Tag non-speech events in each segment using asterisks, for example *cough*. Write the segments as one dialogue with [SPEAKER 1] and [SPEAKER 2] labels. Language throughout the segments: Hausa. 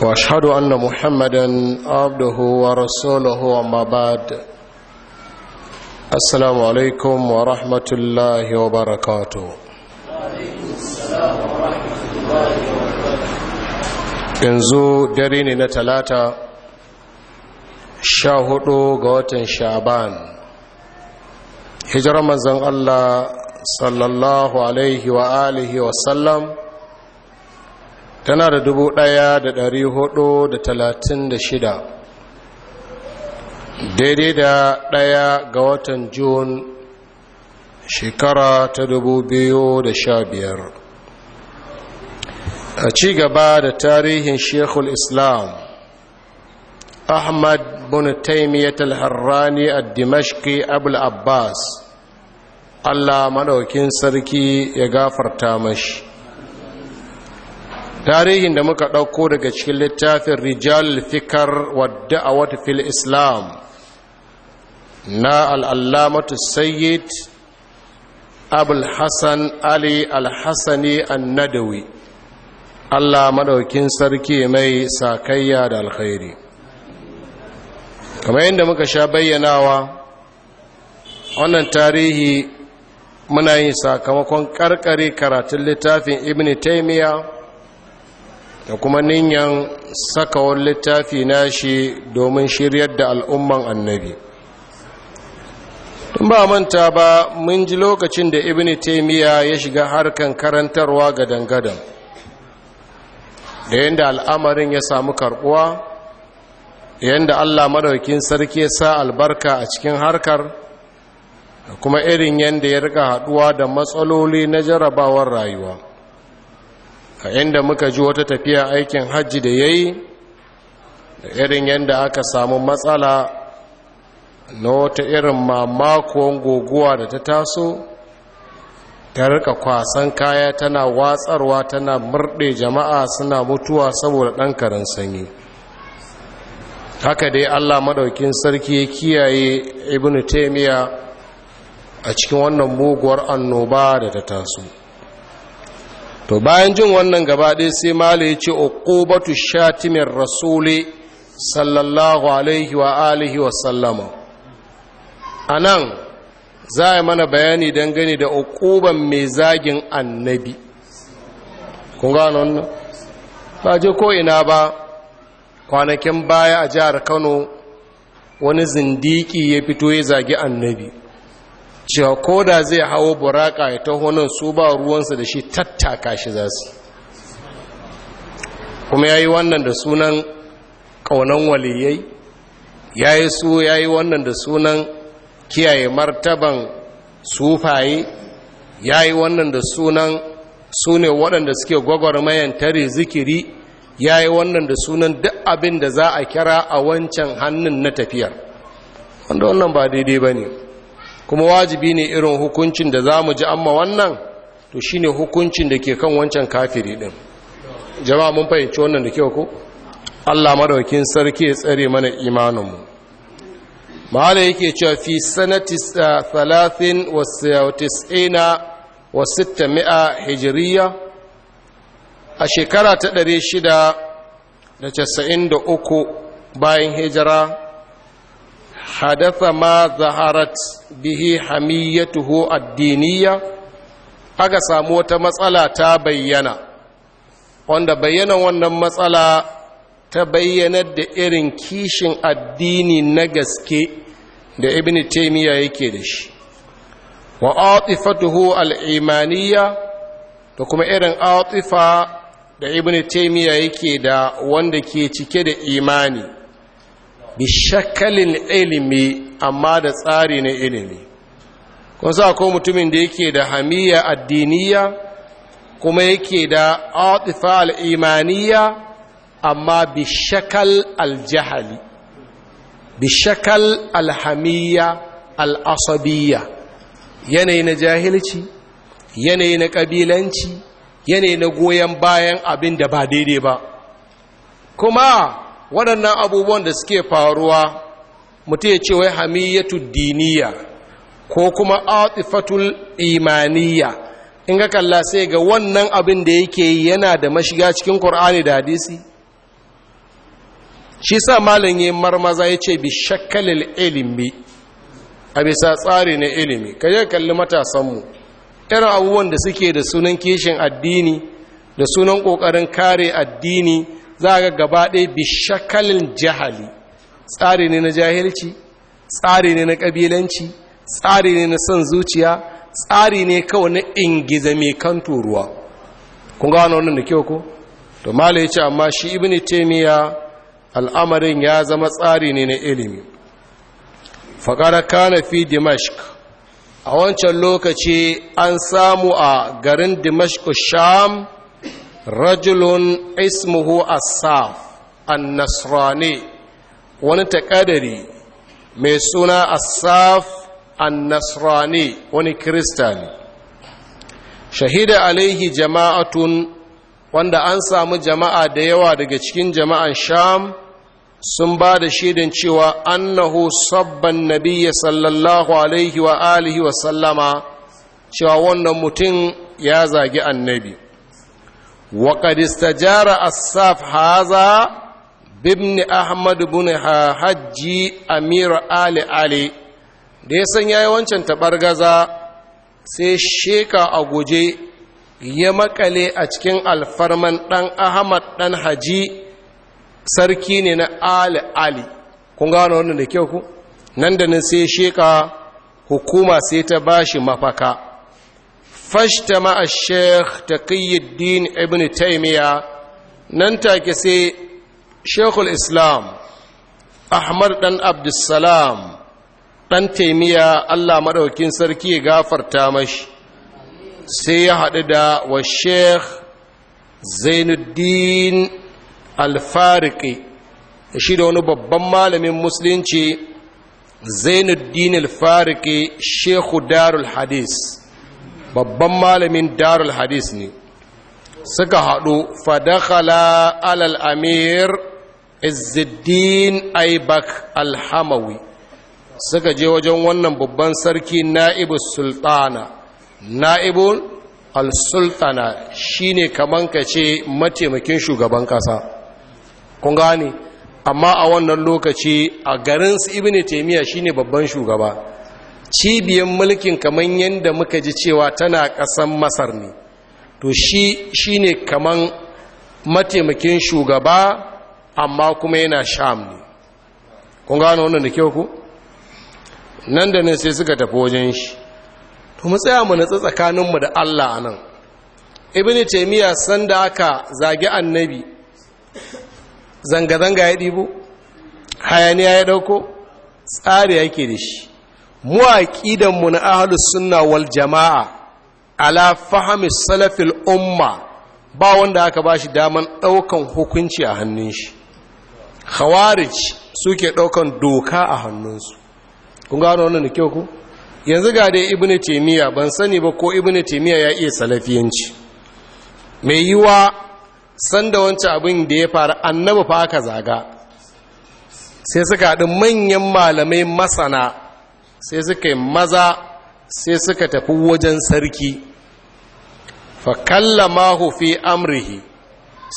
[SPEAKER 1] واشهد ان محمدا عبده ورسوله وما بعد السلام عليكم ورحمه الله وبركاته yanzu dare ne na talata sha hudu ga watan sha'ban hijirar manzon allah sallallahu alaihi wa alihi wasallam tana da dubu ɗaya da ɗari hudu da talatin da shida daidai da ɗaya ga watan jun shekara ta dubu biyu da sha biyar a cigaba da tarihin shekul islam ahmad bin taimiyyar al-harrani a dimashki abul abbas allah maɗaukin sarki ya gafarta mashi tarihin da muka ɗauko daga cikin littafin rijal fikar wadda a wata fil islam na al'allamatu sayyid abul ali AlHassani hassani annadawi allah maɗaukin sarki mai sakayya da alkhairi kamar yadda muka sha bayyanawa wannan tarihi muna yin sakamakon karkare karatun littafin ibn taimiyya da kuma ninyan sakawar littafi na shi domin shiryar da al'umman annabi tun ba manta ba mun ji lokacin da ibn taimiyya ya shiga harkan karantarwa ga dangadan da yadda al'amarin ya samu karbuwa yadda allah maraukin sarki ya sa albarka a cikin harkar da kuma irin yadda ya rika haduwa da matsaloli na jarabawar rayuwa a inda muka ji wata tafiya aikin hajji da ya yi da irin yadda aka samu matsala na wata irin mamakon goguwa da ta taso ta rika kwasan kaya tana watsarwa tana murɗe jama'a suna mutuwa saboda ɗan karin sanyi haka dai allah maɗaukin sarki ya kiyaye ibn taimiyya a cikin wannan muguwar annoba da ta taso to bayan jin wannan gaba ɗaya sai mala ya ce uqubatu shatimin rasuli sallallahu alaihi wa alihi wa sallama anan za a mana bayani dangane da uquban mai zagin annabi kun gano wannan ba je ko ina ba kwanakin baya a jihar Kano wani zindiki ya fito ya zagi annabi cewa ko da zai hawo buraka ya taho nan su ba ruwansa da shi tattaka shi za su kuma ya yi wannan da sunan ƙaunan waliyai ya yi su ya yi wannan da sunan kiyaye martaban sufaye ya yi wannan da sunan su ne waɗanda suke gwagwarmayan tare zikiri ya yi wannan da sunan duk abin da za a kira a wancan hannun na tafiyar wanda wannan ba daidai ba ne kuma wajibi ne irin hukuncin da za mu ji amma wannan to shi ne hukuncin da ke kan wancan kafiri ɗin jama'a mun fahimci wannan da kyau ko allah maraukin sarki ya tsare mana imaninmu ma'ala yake cewa fi sanati eh, talatin wa sitta mi'a hijiriya a shekara ta ɗari shida da casa'in da uku bayan hijira حدث ma zaharat به حميته addiniya aka samu wata matsala ta bayyana wanda bayyana wannan matsala ta bayyanar da irin kishin addini na gaske da ibn taymiya yake da shi wa atifatuhu al-imaniyya da kuma irin atifa da ibn taymiya yake da wanda ke cike da imani Bishakalin ilimi amma da tsari na ilimi kun sa ko mutumin da yake da hamiya addiniya kuma yake da atifa al'imaniya amma bi shakal aljahali bi shakal alhamiya al'asabiya yanayi na jahilci yanayi na ƙabilanci yanayi na goyon bayan abin da ba daidai ba kuma waɗannan abubuwan da suke faruwa mutum ya ce wai hamiyyatu diniya ko kuma atifatul imaniya in ga kalla sai ga wannan abin da yake yi yana da mashiga cikin Kur'ani da hadisi shi sa malin yi marmaza ya ce bi shakkalil ilimi a bisa tsari na ilimi ka je kalli matasanmu irin abubuwan da suke da sunan kishin addini da sunan ƙoƙarin kare addini za a ga gaba ɗaya bi shakalin jahali tsari ne na jahilci tsari ne na ƙabilanci tsari ne na son zuciya tsari ne kawai na ingiza mai kan turuwa kun gano wannan da kyau ko to mala ya ce amma shi ibini taimiyya al'amarin ya zama tsari ne na ilimi faƙara kana fi a wancan lokaci an samu a garin dimashq sham rajulun ismuhu asaf annasrani wani takadari mai suna asaf annasrani wani kirista shahida alaihi jama'atun wanda an samu jama'a da yawa daga cikin jama'an sham sun ba da shaidan cewa annahu sabban nabiyya sallallahu alaihi wa alihi wa sallama cewa wannan mutum ya zagi annabi وقد استجار الساف هذا بابن أحمد بن حجي أمير آل علي da ya san yayi wancan taɓargaza sai sheka a guje ya makale a cikin alfarman ɗan ahmad ɗan haji sarki ne na ali ali kun gano wannan da kyau ku nan da nan sai sheka hukuma sai ta bashi mafaka fashtama a sheikh taqiyuddin ibn taimiya nan take sai shekul islam ahmad dan abdussalam dan taimiya allah maɗaukin sarki ya gafarta mashi sai ya haɗu da wa sheikh zainuddin alfariki shi da wani babban malamin musulunci zainuddin alfariki shekhu darul hadis babban malamin darul hadis ne suka haɗu fadakhala alal amir izzuddin aibak alhamawi suka je wajen wannan babban sarki na'ibu sultana Na'ibu al-sultana shine kaman ka ce mataimakin shugaban kasa kun gane amma a wannan lokaci a garin su ibnu taymiya shine babban shugaba cibiyan mulkin kamar yadda muka ji cewa tana ƙasan masar ne to shi ne kaman mataimakin shugaba amma kuma yana sham ne kun gano wannan da kyau ku nan da nan sai suka tafi wajen shi to mu tsaya mu natsa tsakaninmu da Allah a nan ibn taymiya san da aka zagi annabi zanga zanga ya ɗibo hayaniya ya ɗauko? tsari yake da shi mu na ahalus sunna wal jama'a ala fahami salafil umma ba wanda aka ba shi daman ɗaukan hukunci a hannun shi khawarij suke ɗaukan doka a hannunsu kun gano wannan da kyau ku yanzu ga dai Ibn taymiya ban sani ba ko Ibn taymiya ya iya salafiyanci mai yiwa sanda wancan abin da ya faru annabi fa aka zaga sai suka haɗu manyan malamai masana sai suka yi maza sai suka tafi wajen sarki mahu fi amrihi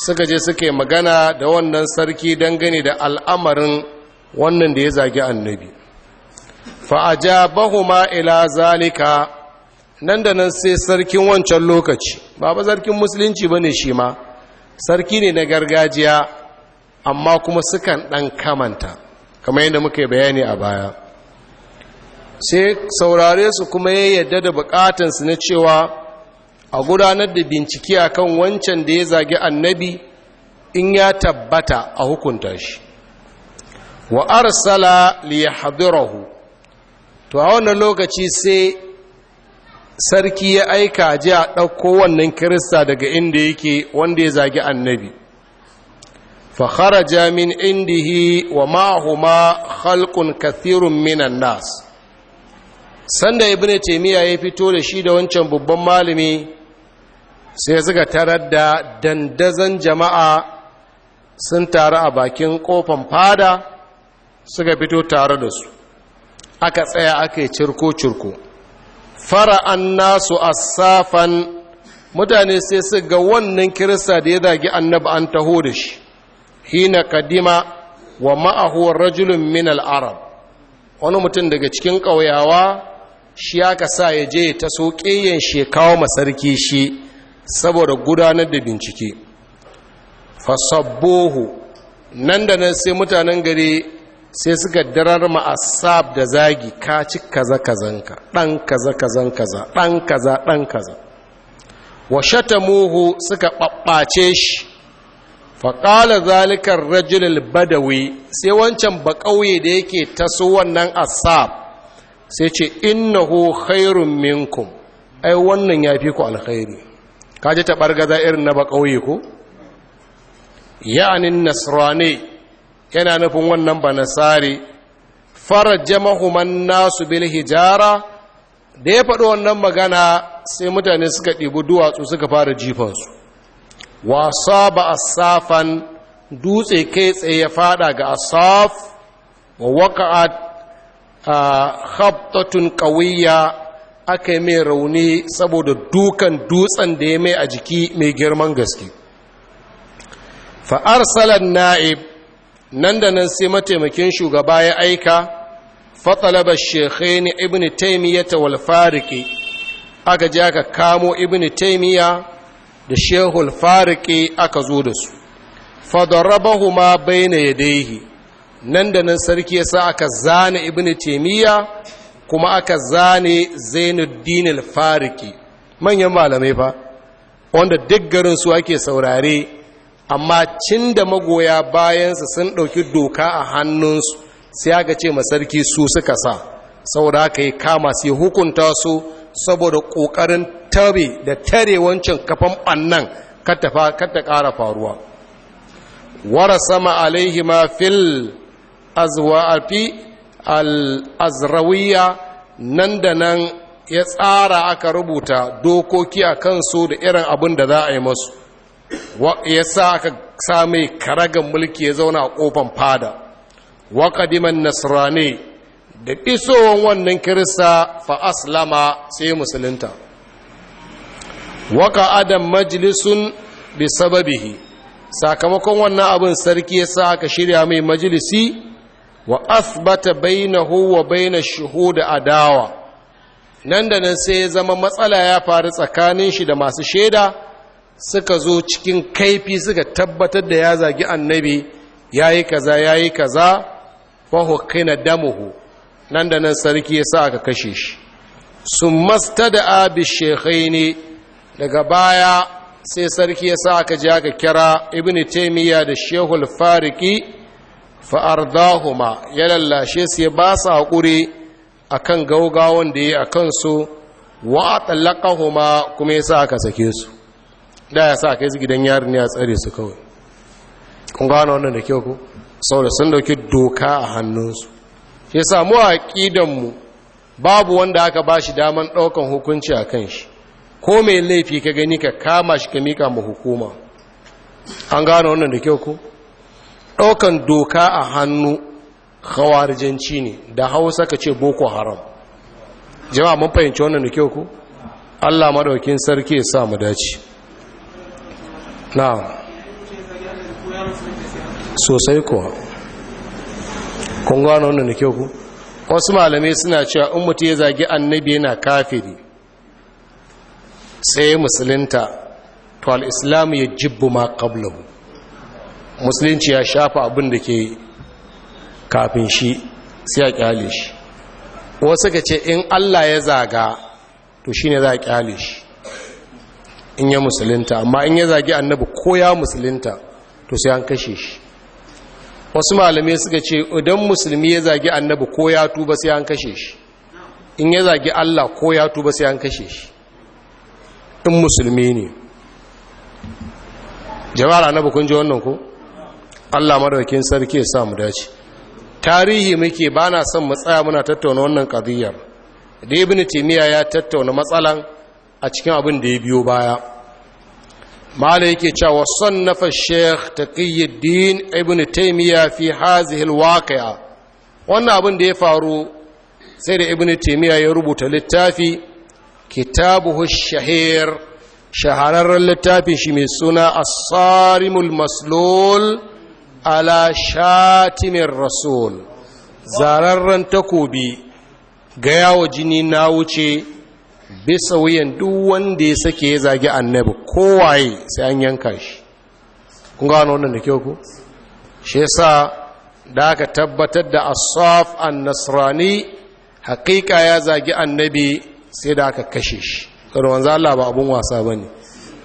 [SPEAKER 1] suka je suka yi magana da wannan sarki dangane da al'amarin wannan da ya zagi annabi fa'ajabahuma ila zalika nan da nan sai sarkin wancan lokaci ba ba sarkin musulunci ba ne shi ma sarki ne na gargajiya amma kuma sukan ɗan kamanta kamar yadda muka yi bayani a baya sai saurare su kuma ya yadda da bukatansu na cewa a gudanar da bincike kan wancan da ya zagi annabi in ya tabbata a hukunta shi wa arsala li yahdirahu to a wannan lokaci sai sarki ya aika ji a ɗauko wannan kirista daga inda yake wanda ya zagi annabi fa indihi wa mahuma khalqun kathirun minan nas sanda ibn taymiya ya fito da shi da wancan babban malami sai suka tarar da dandazan jama'a sun taru a bakin kofan fada suka fito tare da su aka tsaya aka yi cirko-cirko an nasu safan mutane sai su ga wannan kirista da ya zagi annaba an taho da shi hina kadima wa ma'ahuwar rajulun min al'arab wani mutum daga cikin ƙauyawa shi aka sa ya je ta so ƙeyen shi kawo masarki shi saboda gudanar da bincike fasabbohu nan da nan sai mutanen gari sai suka darar ma'asab da zagi ka ci kaza kazanka ɗan kaza kazan kaza ɗan kaza ɗan kaza wa shatamuhu suka ɓaɓɓace shi faƙala zalikar rajulil badawi sai wancan baƙauye da yake taso wannan asab sai ce innahu khairun minkum ai wannan ya fi ku alkhairi ji ta bargaza irin na bakauye ko ya'anin nasrani yana nufin wannan ba nasari jama'u man nasu bil hijara da ya faɗi wannan magana sai mutane suka ɗibi duwatsu suka fara jifansu wasa ba safan dutse kai tsaye ya fada ga asaf wa waka'at Ah, khabtatun qawiyya aka yi mai rauni saboda dukan dutsen da ya mai a jiki mai girman gaske fa arsala na'ib nan da nan sai mataimakin shugaba ya aika fatalaba shekhaini ibn taimiyyata wal fariki aka ji aka kamo ibn taimiyya da shehul fariki aka zo da su ma fadarabahuma bayna yadayhi nan da nan sarki ya sa aka zane ibn taimiyya kuma aka zane zainuddin alfariki manyan malamai fa wanda duk garin su ake saurare amma cin da magoya bayansa sun ɗauki doka a hannunsu sai aka ce ma sarki su suka sa saboda aka yi kama sai hukunta su saboda ƙoƙarin tare da tare wancan kafan ɓannan kata ƙara faruwa wara sama alaihi ma fil azwafi al-azrawiya nan da nan ya tsara aka rubuta dokoki a kansu da irin abin da za a yi masu ya sa aka same karagan mulki ya zauna a kofan fada waƙadiman nasrani da isowan wannan kirista fa aslama sai musulunta waka adam majalisun bi sababihi sakamakon wannan abin sarki ya sa aka shirya mai majalisi wa asbata bainahu wa baina shuhuda adawa nan da nan sai ya zama matsala ya faru tsakanin shi da masu shaida suka zo cikin kaifi suka tabbatar da ya zagi annabi yayi kaza yayi kaza fa hukina damuhu nan da nan sarki ya sa aka kashe shi sun mastada bi ne, daga baya sai sarki ya sa aka ji aka kira ibnu taymiya da shehul fariki fa'ardahuma ya lallashe su ya ba su haƙuri a kan gaugawan da ya a kansu wa a kuma ya sa aka sake su da ya sa kai su gidan yarin ya tsare su kawai kun gano wannan da kyau ku sau da sun dauki doka a hannunsu ya samu a ƙidanmu babu wanda aka ba shi daman ɗaukan hukunci a kan shi ko mai laifi ka gani ka kama shi ka mika ma hukuma an gano wannan da kyau ku ɗaukan doka a hannu hawarijanci ne da hausa ka ce boko haram Jama mun fahimci wannan da kyau ku allah maɗaukin sarki ya sa mu dace na sosai kuwa kun gano wannan da kyau ku wasu malamai suna cewa in mutu ya zagi annabi yana kafiri sai musulunta to al-islam ya jibbu ma qablahu musulunci ya shafa abin da ke kafin shi sai a kyale shi wasu ka ce in allah ya zaga to shi ne za a kyale shi in ya musulunta amma in ya zagi annabi ko ya musulunta to sai an kashe shi wasu malamai suka ce idan musulmi ya zagi annabi ko ya tuba sai an kashe shi in ya zagi allah ko ya tuba sai an kashe shi in musulmi ne jama'ar annabi kun ji wannan ko Allah madaukakin sarki ya sa mu dace tarihi muke ba na son mu tsaya muna tattauna wannan qadiyar da ibn timiya ya tattauna matsalan a cikin abin da ya biyo baya malai yake cewa sannafa sheikh taqiyuddin ibn timiya fi hadhihi alwaqi'a wannan abin da ya faru sai da ibn timiya ya rubuta littafi kitabuhu shahir shahararren littafin shi mai suna as-sarimul maslul ala shatimin rasul zararren takobi ga yawo jini na wuce bisa wuyan duk wanda ya sake ya zagi annabi kowaye sai an yanka shi kun gano wannan da kyau ku shi yasa da aka tabbatar da asaf an nasrani haƙiƙa ya zagi annabi sai da aka kashe shi ƙarwanzu Allah ba abun wasa ba ne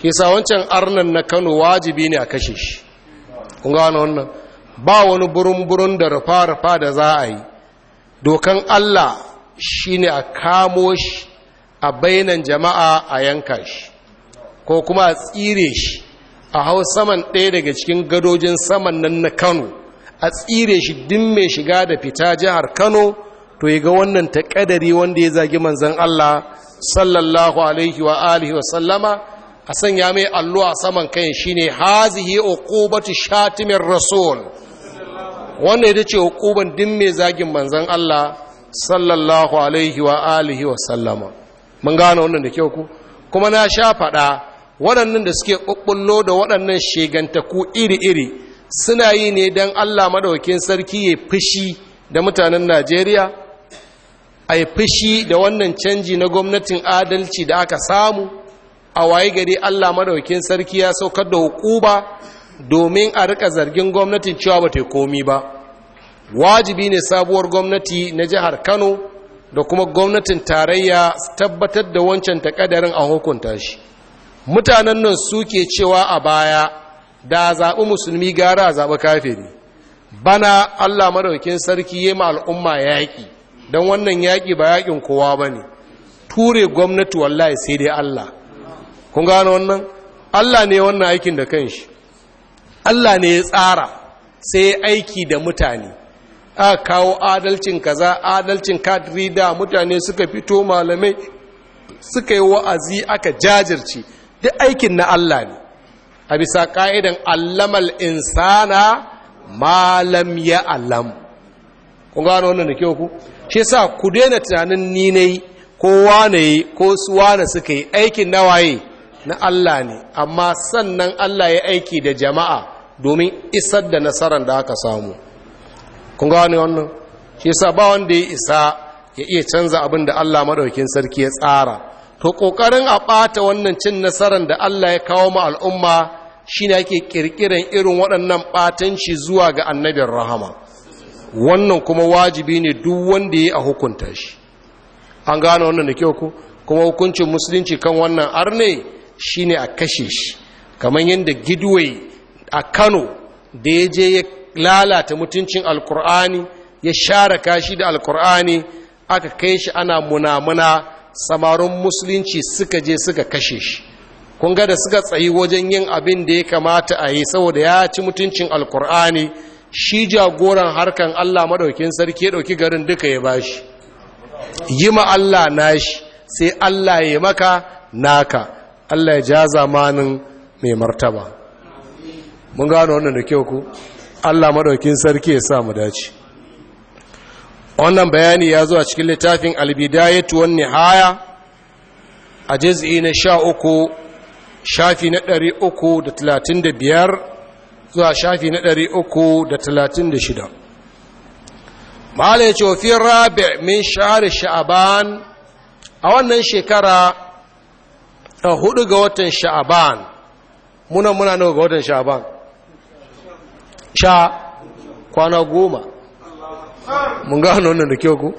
[SPEAKER 1] kisa wancan arnan na kano wajibi ne a kashe shi kun gano wannan ba wani burin-burin da rufa-rufa da za a yi dokan Allah shi ne a kamo shi a bainan jama'a a yanka shi ko kuma a tsire shi a hau saman ɗaya daga cikin gadojin saman nan na kano a tsire shi din mai shiga da fita jihar kano to yi ga wannan taƙadari wanda ya zagi manzan Allah sallallahu alaihi wa alihi wa sallama a sanya mai allo a saman kan shine hazihi uqubatu shatimin rasul wannan ya ce uquban din mai zagin manzon Allah sallallahu alaihi wa alihi wa sallama mun gane wannan da kyau ku kuma na sha faɗa waɗannan da suke ƙuɓɓullo da waɗannan shegantaku iri-iri suna yi ne don Allah maɗaukin sarki ya fushi da mutanen Najeriya a yi fushi da wannan canji na gwamnatin adalci da aka samu a waye gari Allah madaukin sarki ya saukar da hukuma domin a rika zargin gwamnatin cewa ba ta komi ba wajibi ne sabuwar gwamnati na jihar Kano da kuma gwamnatin tarayya tabbatar da wancan takadarin a hukunta shi mutanen nan suke cewa a baya da zaɓi musulmi gara a zaɓi kafiri bana Allah madaukin sarki ya ma al'umma yaƙi don wannan yaƙi ba yaƙin kowa ba ne ture gwamnati wallahi sai dai Allah kun gano wannan Allah ne wannan aikin da kanshi Allah ne ya tsara sai aiki da mutane a kawo adalcin kaza adalcin kadri da mutane suka fito malamai suka yi wa'azi aka jajirce duk aikin na Allah ne a bisa ka'idan allamal insana malam ya alam kun gano wannan da kyau ku shi sa ku daina tunanin ni ne ko wane ko su wane suka yi aikin nawaye na Allah ne amma sannan Allah ya aiki da jama'a domin isar da nasarar da aka samu kun ga wani wannan shi yasa ba wanda ya isa ya iya canza abin da Allah maɗaukin sarki ya tsara to kokarin a ɓata wannan cin nasarar da Allah ya kawo mu al'umma shine ake kirkiran irin waɗannan batanci zuwa ga annabin rahama wannan kuma wajibi ne duk wanda ya a hukunta shi an gane wannan da kyau ko kuma hukuncin musulunci kan wannan arne shine a kashe shi kamar yadda gidway a kano da ya je ya lalata mutuncin alkur'ani ya share kashi da alkur'ani aka kai shi ana munamuna samarin musulunci suka je suka kashe shi kun ga da suka tsayi wajen yin abin da ya kamata a yi saboda ya ci mutuncin alkur'ani shi jagoran harkan allah maɗaukin sarki ya ɗauki garin duka ya bashi yi ma allah nashi sai allah ya maka naka Allah ya ja zamanin mai martaba mun gano wannan da kyau ku Allah madaukin sarki ya sa mu dace wannan bayani ya zuwa cikin littafin albida albidayatu wan nihaya a juz'i na 13 shafi na 335 zuwa shafi na 336 mala ya ce wa fi rabi min share sha'aban a wannan shekara a hudu ga watan sha'aban muna muna nawa ga watan sha'aban sha kwana goma mun gano wannan da kyau ku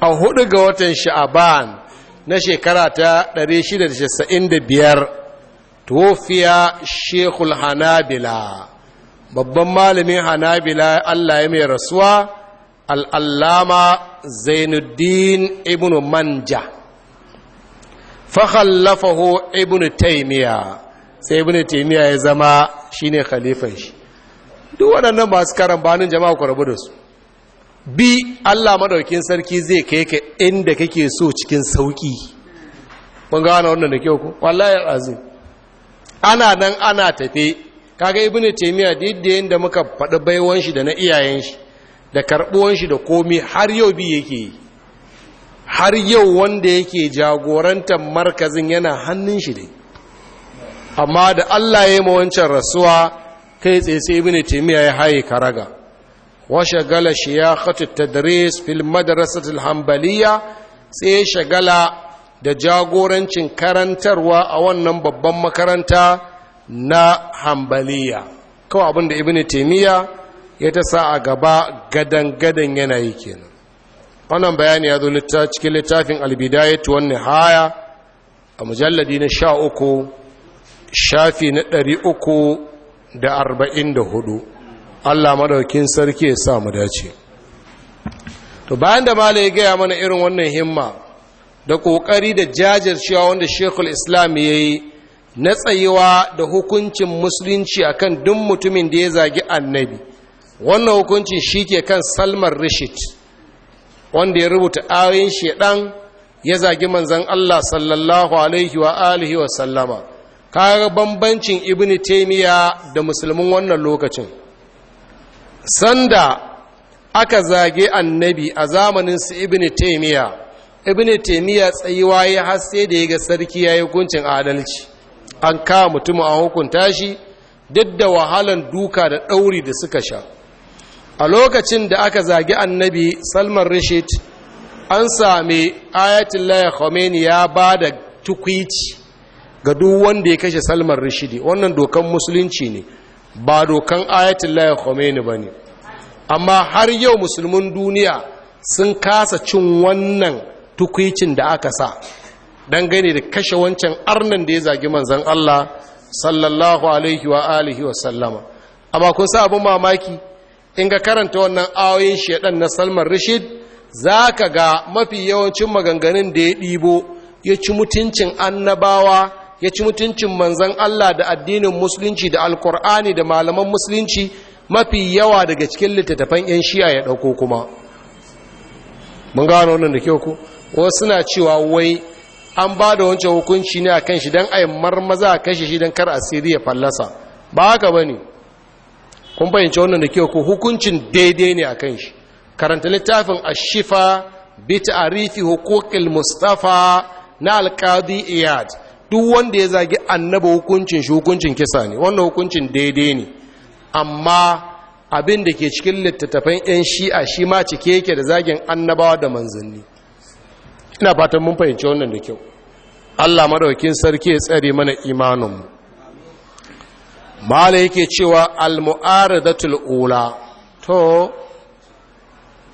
[SPEAKER 1] a hudu ga watan sha'aban na shekara ta 695 tuwofiya shekul hanabila babban malamin hanabila allah ya mai rasuwa al'allama zainuddin ibn manja fakhallafahu ibnu taymiya sai ibnu taymiya ya zama shine khalifan shi duk waɗannan masu karambanin jama'a ku rabu da su bi Allah madaukin sarki zai kai ka inda kake so cikin sauki Kun ga wannan da kyau ko? wallahi azim ana nan ana tafe kaga ibnu taymiya diddiyen da muka faɗi baiwan shi da na iyayen shi da karbuwan shi da komi har yau bi yake yi har yau wanda yake jagorantar markazin yana hannun shi ne amma da Allah ya yi wancan rasuwa kai tsaye sai ibn taymiya ya haye karaga wa shagala shiyakhatu tadris fil madarasa al sai ya shagala da jagorancin karantarwa a wannan babban makaranta na hanbaliya kawai abin da ibn taymiya ya ta sa a gaba gadan gadan yanayi kenan wannan bayani ya zo cikin littafin albidayatu wannan haya a mujalladi na sha uku shafi na ɗari uku da arba'in da hudu allah maɗaukin sarki ya sa mu dace to bayan da malai ya gaya mana irin wannan himma da ƙoƙari da jajircewa wanda shekul islam ya yi na tsayewa da hukuncin musulunci kan duk mutumin da ya zagi annabi wannan hukuncin shi ke kan salmar rishit wanda ya rubuta ayoyin shedan ya zagi manzan Allah sallallahu alaihi wa alihi wa sallama kaga bambancin ibnu taymiya da musulmin wannan lokacin sanda aka zage annabi a zamanin su ibnu taymiya ibnu taymiya tsayiwa ya har sai da yaga sarki yayi hukuncin adalci an kama mutum a hukunta shi duk da wahalan duka da ɗauri da suka sha a lokacin da aka zagi annabi salman rashid an sami ayatollah khomeini ya ba da tukwici ga duk wanda ya kashe salman rashidi wannan dokan musulunci ne ba dokan ayatollah khomeini ba ne amma har yau musulmin duniya sun kasa cin wannan tukwicin da aka sa dangane da kashe wancan arnan da ya zagi manzan allah sallallahu alaihi wa alihi wa sallama amma kun sa abin mamaki in ga karanta wannan ayoyin shedan na salman rashid zaka ga mafi yawancin maganganun da ya ɗibo ya ci mutuncin annabawa ya ci mutuncin Manzon allah da addinin musulunci da alkur'ani da malaman musulunci mafi yawa daga cikin littattafan 'yan shi'a ya ɗauko kuma mun gano wannan da kyau ku wasu suna cewa wai an ba da wancan hukunci ne a kan shi don a yi marmaza a kashe shi don kar asiri ya fallasa ba haka ba kun fahimci wannan da kyau ko hukuncin daidai ne a kan shi karanta littafin ashifa bi ta'rifi huquqil mustafa na alqadi iyad duk wanda ya zagi annaba hukuncin shi hukuncin kisa ne wannan hukuncin daidai ne amma abin da ke cikin littattafan 'yan shi'a shi ma cike yake da zagin annabawa da manzanni ina fatan mun fahimci wannan da kyau allah madaukin sarki ya tsare mana imanin mu mala yake cewa al da ula to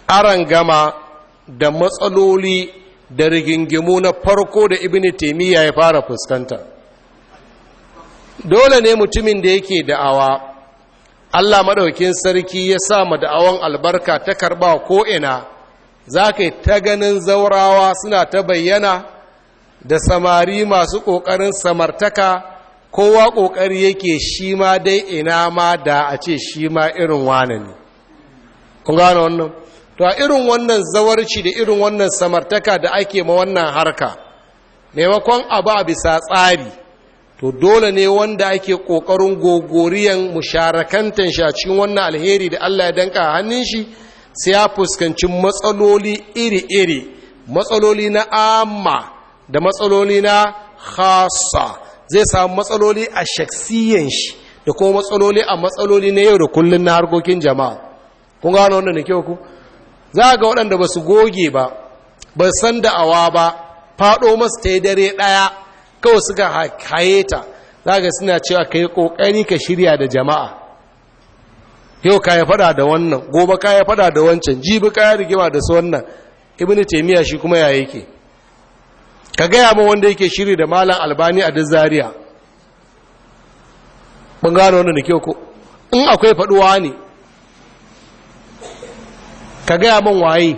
[SPEAKER 1] aran gama da matsaloli da rigingimu na farko da ibn taymiya ya fara fuskanta dole ne mutumin da yake da'awa Allah maɗaukin sarki ya sa ma da'awan albarka ta karba ko ina zaka ta ganin zaurawa suna ta bayyana da samari masu ƙoƙarin samartaka kowa ƙoƙari yake shi ma dai ina ma da a ce shi ma irin wane ne kun gane wannan to a irin wannan zawarci da irin wannan samartaka da ake ma wannan harka maimakon abu a bisa tsari to dole ne wanda ake ƙoƙarin gogoriyan musharakantan shi a cikin wannan alheri da Allah ya danka hannun shi sai ya fuskanci matsaloli iri-iri matsaloli na amma da matsaloli na khasa zai samu matsaloli a shaksiyan shi da kuma matsaloli a matsaloli na yau da kullun na harkokin jama'a kun gano wannan da kyau ku za ga waɗanda ba su goge ba ba san da awa ba faɗo masu ta yi dare ɗaya kawai suka haye ta za ga suna cewa ka yi ƙoƙari ka shirya da jama'a yau ka yi fada da wannan gobe ka yi fada da wancan jibi ka yi rigima da su wannan ibini taimiyya shi kuma ya yake ka gaya ma wanda yake shiri da malam albani a duk zariya mun gano wannan da kyau ko in akwai faduwa ne ka gaya man waye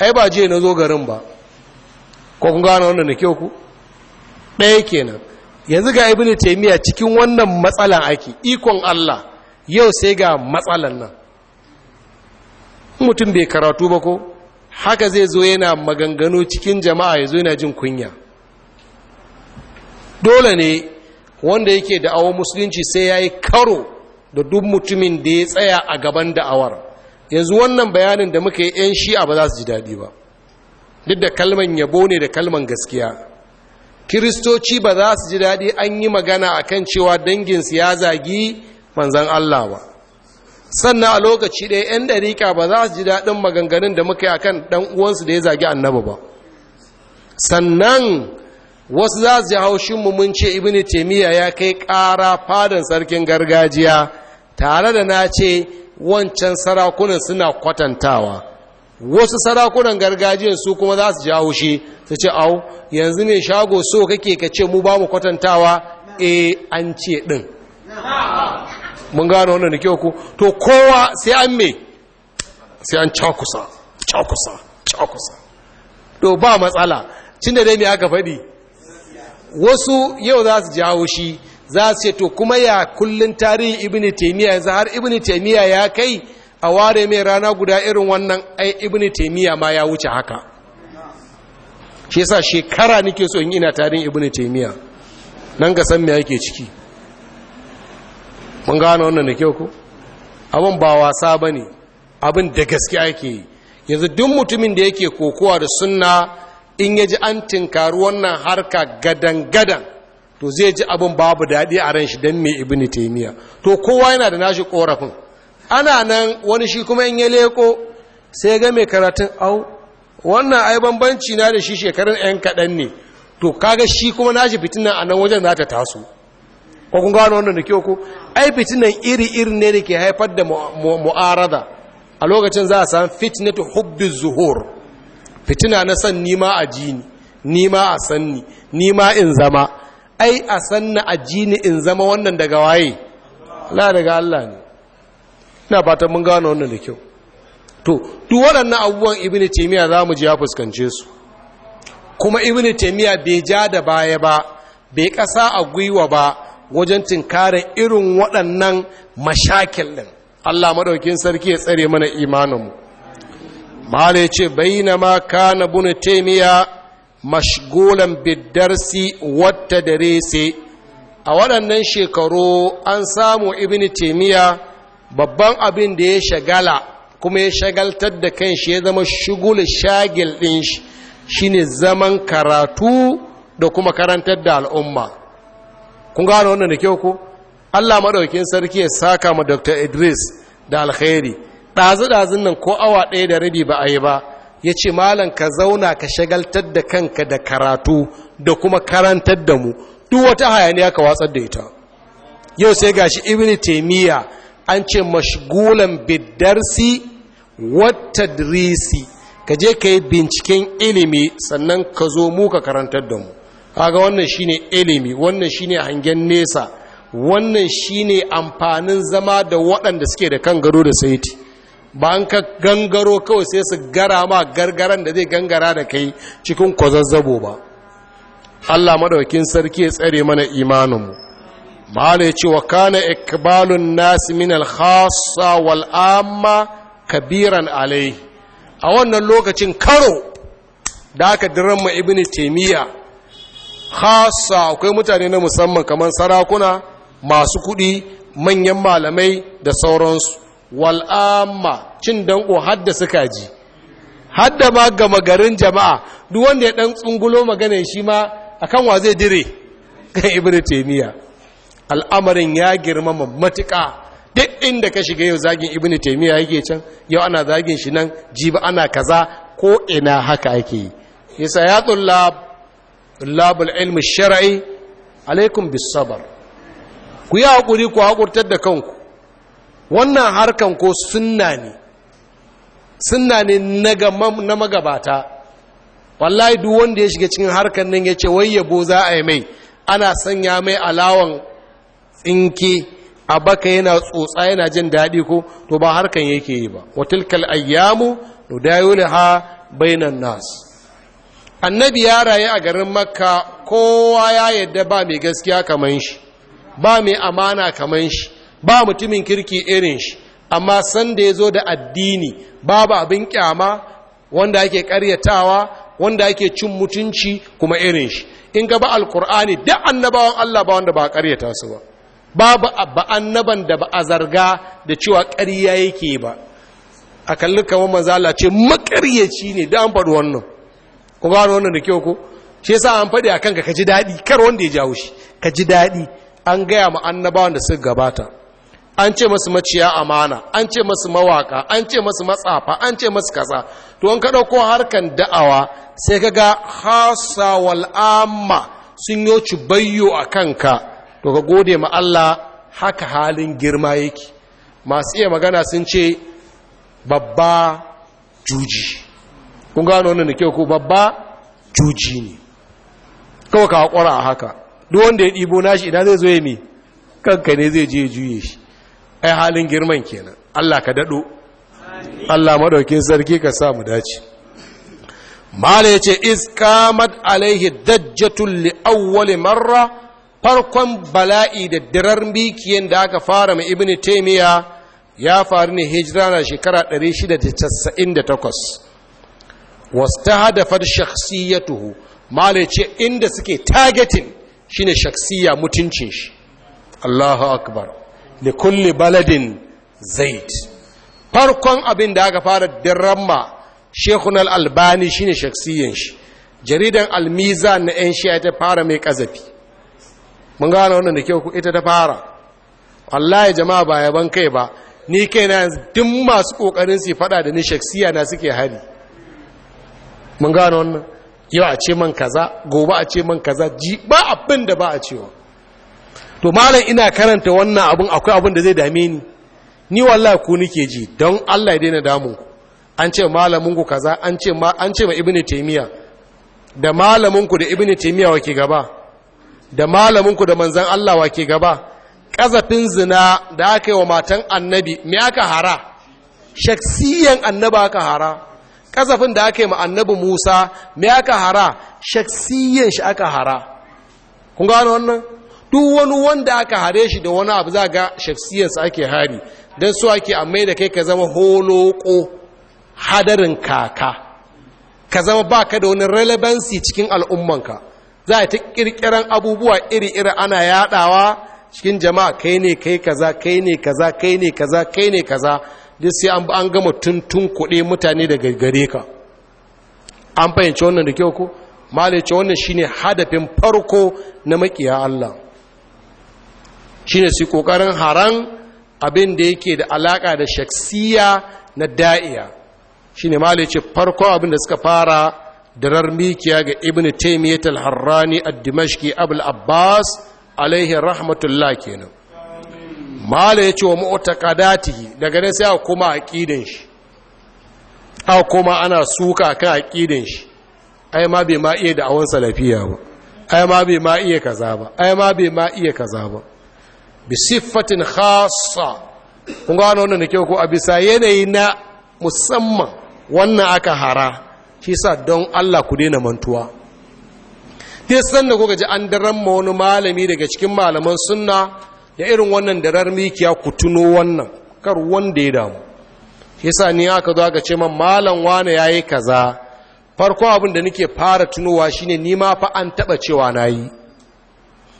[SPEAKER 1] ai ba je na zo garin ba ko kun gano wannan da kyau ku ɗaya kenan yanzu ga ibnu taymiya cikin wannan matsalan ake ikon Allah yau sai ga matsalan nan mutum bai karatu ba ko haka zai zo yana maganganu cikin jama'a ya zo yana jin kunya dole ne wanda yake da'awar musulunci sai ya yi karo da duk mutumin da ya tsaya a gaban da'awar yanzu wannan bayanin da muka yi 'yan shi'a ba za su ji daɗi ba duk da kalman yabo ne da kalman gaskiya kiristoci ba za su ji daɗi an yi magana a kan cewa danginsu ya zagi manzan Allah ba sannan a lokaci ɗaya 'yan ɗariƙa ba za su ji daɗin maganganun da muka yi akan ɗan uwansu da ya zagi annabi ba sannan wasu za su ji haushin mu mun ce ibnu ya kai ƙara fadan sarkin gargajiya tare da na ce wancan sarakunan suna kwatantawa wasu sarakunan gargajiyar su kuma za su ji haushi su ce au yanzu ne shago so kake ka ce mu ba mu kwatantawa eh an ce ɗin mun gano wannan da kyau to kowa sai an me sai an cakusa cakusa cakusa to ba matsala Cinda da dai me aka faɗi wasu yau za su jawo shi za su ce to kuma ya kullun tarihi ibn taymiya yanzu har ibn taymiya ya kai a ware mai rana guda irin wannan ai ibn taymiya ma ya wuce haka shi yasa shekara nake so in ina tarihin ibn taymiya nan ga san me yake ciki mun gane wannan da kyau ku. abin ba wasa ba ne abin da gaske ake yi yanzu duk mutumin da yake kokowa da sunna in ya ji an tinkari wannan harka gadan-gadan to zai ji abin babu daɗi a ran shi don mai ibini taimiyya to kowa yana da nashi korafin ana nan wani shi kuma in ya leko sai ga mai karatun au wannan ai bambanci na da shi shekarun 'yan kaɗan ne to kaga shi kuma nashi fitinan a nan wajen za ta taso ko kun gano wannan da kyau ko ai fitinan iri-iri ne da ke haifar da mu'arada a lokacin za a san fitinatu hubbi zuhur fitina na san nima a jini nima a sanni nima in zama ai a sanna a jini in zama wannan daga waye la daga Allah ne ina fatan mun gano wannan da kyau to duk waɗannan abubuwan ibnu taymiya zamu ji ya fuskance su kuma ibnu taymiya bai ja da baya ba bai kasa a gwiwa ba wajen tinkare irin waɗannan mashakil ɗin Allah maɗaukin sarki ya tsare mana imaninmu mahala ya ce bayyana ma ka na buna taimiya mashigolan bidarsi wata da rese a waɗannan shekaru an samu ibin taimiya babban abin da ya shagala kuma ya shagaltar da kan shi ya zama shugul shagil ɗin shi shine zaman karatu da kuma karantar da al'umma kun gano wannan da kyau ko Allah maɗaukin sarki ya saka ma Dr. Idris da alkhairi ɗazu-ɗazun nan ko awa ɗaya da rabi ba a yi ba yace ce malam ka zauna ka shagaltar da kanka da karatu da kuma karantar da mu duk wata hayaniya ka watsar da ita yau sai gashi ibn taimiyya an ce mashgulan bidarsi wata dirisi ka je ka binciken ilimi sannan ka zo mu ka karantar da mu kaga wannan shine ilimi wannan shine hangen nesa wannan shine amfanin zama da waɗanda suke da kan garo da saiti ba an ka gangaro kawai sai su gara ma gargaran da zai gangara da kai cikin kwazazzabo ba Allah madaukin sarki ya tsare mana imaninmu mahala ya ce wa kana ikbalun nasi min alkhassa wal amma kabiran alai a wannan lokacin karo da aka ma ibnu taymiya khasa akwai mutane na musamman kamar sarakuna masu kuɗi manyan malamai da sauransu wal'amma cin danko hadda suka ji hadda ma gama garin jama'a duk wanda ya ɗan tsungulo maganin shi ma akan wa zai dire *laughs* kan ibri taimiyya al'amarin ya girmama matuƙa duk inda ka shiga yau zagin ibn taymiya yake can yau ana zagin shi nan jiba ana kaza ko ina haka ake yi yasa ya tsulla tullabul ilmi shar'i عليكم bis ku yi hakuri ku hakurtar da kanku wannan harkan ko sunna ne sunna ne na magabata wallahi duk wanda ya shiga cikin harkan nan ya ce wai yabo za a yi mai ana sanya mai alawan tsinki a baka yana tsotsa yana jin daɗi ko to ba harkan yake yi ba watilkal ayyamu nudayu ha bainan nas annabi ya rayu a garin makka kowa ya yadda ba mai gaskiya kaman shi ba mai amana kaman shi ba mutumin kirki irin shi amma sanda ya zo da addini babu abin kyama wanda ake karyatawa wanda ake cin mutunci kuma irin shi in gaba alkur'ani duk annabawan allah ba wanda ba karyata su ba babu ba annaban da ba a zarga da cewa ƙarya yake ba a kalli kamar mazala ce makaryaci ne da an faɗi wannan ku gano wannan da kyau ko shi yasa an faɗi akan ka ji daɗi kar wanda ya jawo shi ka ji daɗi an gaya ma Annaba da suka gabata an ce masu maciya amana an ce masu mawaka an ce masu matsafa an ce masu kasa. to an ka ɗauko harkan da'awa sai ka ga hasa wal amma sun yo bayyo a kanka to ka gode ma Allah haka halin girma yake masu iya magana sun ce babba juji kun gano wannan da kyau ko babba juji ne kawai ka haƙura a haka duk wanda ya ɗibo nashi idan zai zo ya mi kanka ne zai je ya juye shi ai halin girman kenan Allah ka daɗo Allah madaukin sarki ka sa mu dace mala ya ce iskamat alaihi dajjatul li Auwalu marra farkon bala'i da dirar mikiyan da aka fara mai ibini Taimiyya, ya faru ne hijira na shekara 698 wastahadafat shakhsiyatuhu malai ce inda suke targetin shine shakhsiya mutuncin shi Allahu akbar li kulli baladin zaid farkon abin da aka fara dirramma Sheikhun al-Albani shine shakhsiyan shi jaridan al-Mizan na yan shi'a ta fara mai kazafi mun gane wannan da kyau ku ita ta fara wallahi jama'a ba yaban kai ba ni kaina yanzu duk masu kokarin su fada da ni shakhsiya na suke hari mun gano wannan yau a ce man kaza gobe a ce man kaza ji ba abin da ba a cewa to malam ina karanta wannan abin akwai abin da zai dame ni ni wallahi ku nike ji don Allah ya daina damun ku an ce malamin ku kaza an ce ma an ce ma ibnu taymiya da malamin ku da ibnu taymiya wake gaba da malamin ku da manzon Allah wake gaba kazafin zina da aka yi wa matan annabi me aka hara shaksiyan annaba aka hara kasafin da aka yi annabi musa me aka hara shaksiyan shi aka hara kun gano wannan duk wani wanda aka hare shi da wani abu za ga su ake hari don su ake amai da kai ka zama holoko hadarin kaka ka zama ba ka da wani relevancy cikin al'ummanka za a ta kirkiran abubuwa iri-iri ana yadawa cikin jama'a kai ne kai kaza kai ne kaza kai ne kaza kai ne kaza duk sai an gama tuntun kuɗe mutane daga gare ka an fahimci wannan da kyau ko malice wannan shine hadafin farko na makiya Allah shine su kokarin haran abin da yake da alaka da shaksiya na da'iya shine malice farko abin da suka fara darar mikiya ga ibn taymiyyah al-harrani ad-dimashqi abul abbas alaihi rahmatullah kenan mala ya ce wa mu'taqadatihi daga nan sai a koma ƙidin shi a koma ana suka kan ƙidin shi ai ma bai ma iya da'awan salafiya ba ai ma bai ma iya kaza ba ai ma bai ma iya kaza ba bi siffatin khassa kun da kyau ko a bisa yanayi na musamman wannan aka hara shi sa don Allah ku daina mantuwa dai san da kuka ji an daren ma wani malami daga cikin malaman sunna da irin wannan da rarmikiya ku tuno wannan kar wanda ya damu yasa ni aka zo aka ce man malam wane yayi kaza farko abin da nake fara tunowa shine ni ma fa an taba cewa nayi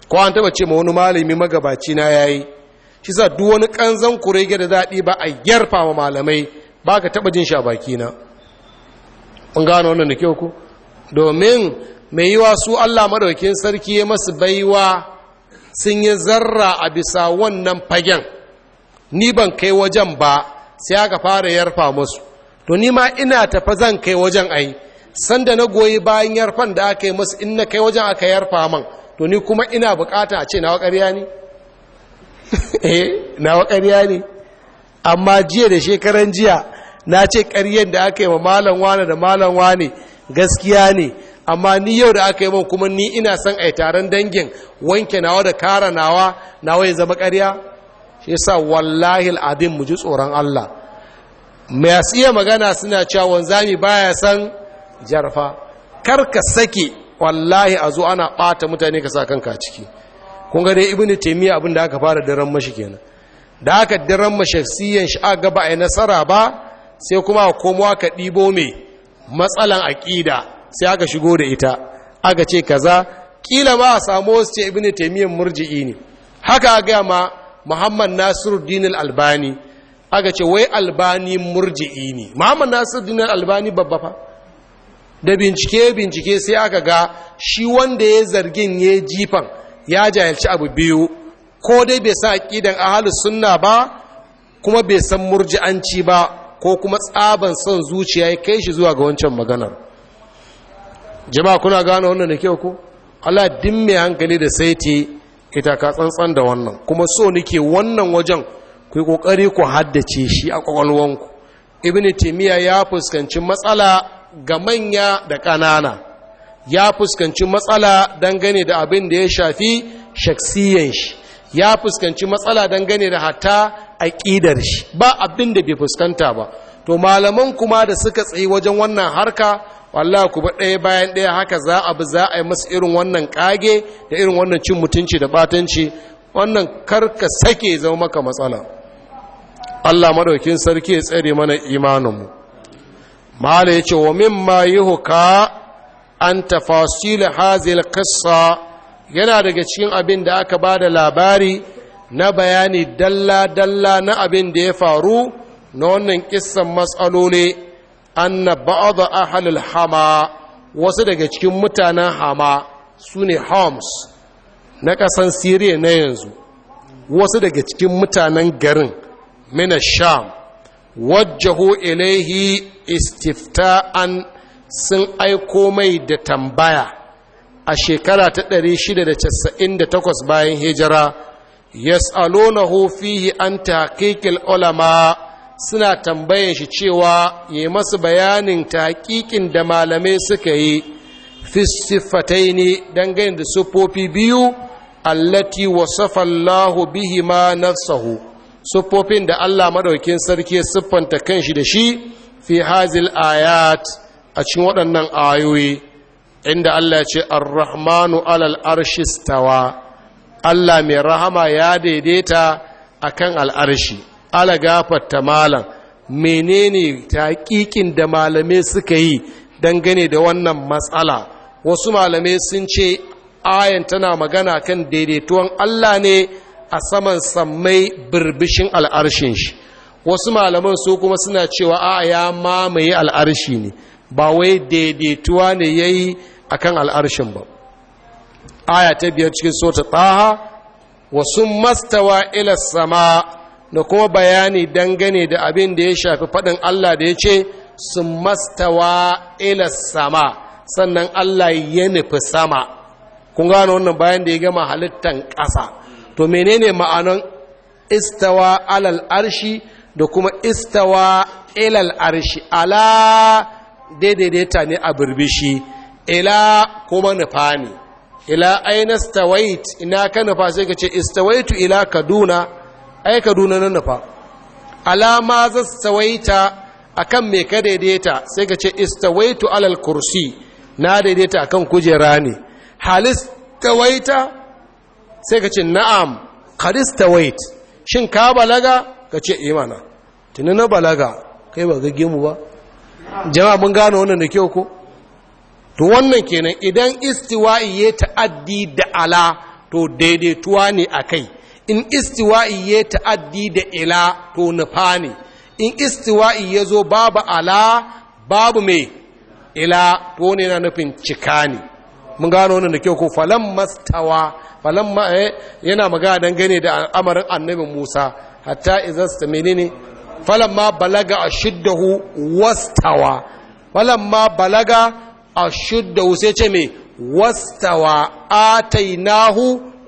[SPEAKER 1] ko an taba ce ma wani malami magabaci na yayi shi sa duk wani kanzan kure da zaɗi ba a yarfa wa malamai ba ka taba jin shi a baki na kun gano wannan da kyau ku domin mai yiwa su Allah madaukakin sarki ya masu baiwa sun yi zarra a bisa wannan fagen ni ban kai wajen ba sai aka fara yarfa musu to ni ma ina tafa zan kai wajen ai sanda na goyi bayan yarfan da aka yi musu in na kai wajen aka yarfa man to ni kuma ina bukata a ce na ƙarya ne *laughs* eh na ƙarya ne amma jiya da shekaran jiya na ce ƙaryen da aka yi wa malam wane da malam wane gaskiya ne amma ni yau da aka yi mun kuma ni ina son a taron dangin wanke nawa da kara nawa nawa ya zama karya shi yasa wallahi al'adin mu ji tsoron Allah masu iya magana suna cewa wanzami baya san. jarfa kar ka sake wallahi a zo ana ɓata mutane ka sa kanka ciki kun ga dai ibnu taymiya abin da aka fara daren mashi kenan da aka daren siyan shi a gaba a nasara ba sai kuma a komowa ka ɗibo mai matsalan aƙida sai aka shigo da ita aka ce kaza kila ba a samu wasu ce ibini taimiyan murji'i ne haka gaya ma muhammad nasiruddin al-albani aka ce wai albani murji'i ne muhammad nasiruddin albani babba fa da bincike bincike sai aka ga shi wanda ya zargin ya jifan ya jahilci abu biyu ko dai bai sa aƙidan ahalus sunna ba kuma bai san murji'anci ba ko kuma tsaban son zuciya ya kai shi zuwa ga wancan maganar jama'a kuna gano wannan da kyau ko Allah din mai hankali da saiti ita ka tsantsan da wannan kuma so nake wannan wajen ku yi kokari ku haddace shi a kwakwalwanku ibn timiya ya fuskanci matsala ga manya da ƙanana ya fuskanci matsala dangane da abin da ya shafi shaksiyan shi ya fuskanci matsala dangane da hatta aƙidar shi ba abin da bai fuskanta ba to malaman kuma da suka tsaye wajen wannan harka wallah ku ba ɗaya bayan ɗaya haka za a bi za a yi masu irin wannan ƙage da irin wannan cin mutunci da batanci wannan karka sake zama maka matsala Allah maɗaukin sarki ya tsere mana imaninmu mala ya ce wa mimma yuhka an tafasil hazil kassa yana daga cikin abin da aka ba da labari na bayani dalla dalla na abin da ya faru na wannan kissan matsaloli anna ba'd ahlul hama wasu daga cikin mutanen hama sune Homs na kasan Syria na yanzu wasu daga cikin mutanen garin mina sham wajjahu ilaihi istifta'an sun aiko mai da tambaya a shekara ta 698 bayan hijira yas'alunahu fihi an tahqiqil ulama suna tambayan shi cewa ya masu bayanin ta hakikin da malamai suka yi fisifatai ne dangane da sufofi biyu allati wasafallahu bihima nafsahu sufofin da Allah madaukin sarki ya siffanta kanshi da shi fi hazil ayat a cikin waɗannan ayoyi inda Allah ce ar-rahmanu alal arshi stawa Allah mai rahama ya daidaita akan al'arshi ala gafarta malam menene taƙiƙin da malamai suka yi dangane da wannan matsala wasu malamai sun ce ayan tana magana kan daidaituwan Allah ne a saman sammai birbishin al'arshin shi wasu malaman su kuma suna cewa a ya mamaye al'arshi ne ba wai daidaituwa ne ya yi a kan al'arshin ba aya ta biyar cikin sota ɗaha wasu mastawa ila sama da kuma bayani dangane da abin da ya shafi faɗin Allah da ya ce su mastawa ila sama sannan Allah ya nufi sama kun gano wannan bayan da ya gama halittar ƙasa to menene ma'anan istawa alal arshi da kuma istawa ilal arshi ala daidaita ne a birbishi ila kuma nufa ne ila ainihin stawait ina ka nufa sai ka ce istawaitu ila kaduna ai kaduna nan nufa alama zassawaita akan me ka daidaita sai ka ce istawaitu alal kursi na daidaita akan kujera ne halistawaita sai ka ce na'am kadistawait shin ka balaga ka ce imana eh tuni na balaga kai ba ga mu ba jama'a mun gano wannan da kyau ko to wannan kenan idan istiwa'i ya ta'addi da ala to daidaituwa ne a kai in istiwa'i ya ta'addi da ila to nufa ne in istiwa'i ya zo babu ala babu mai ila to ne na nufin cika ne mun gano wani da kyau ko Falon mastawa falon ma eh, yana magana dangane da al'amarin annabi Musa hatta izasta menene Falon ma balaga a shiddahu wastawa Falon ma balaga a shiddahu sai ce me wastawa atainahu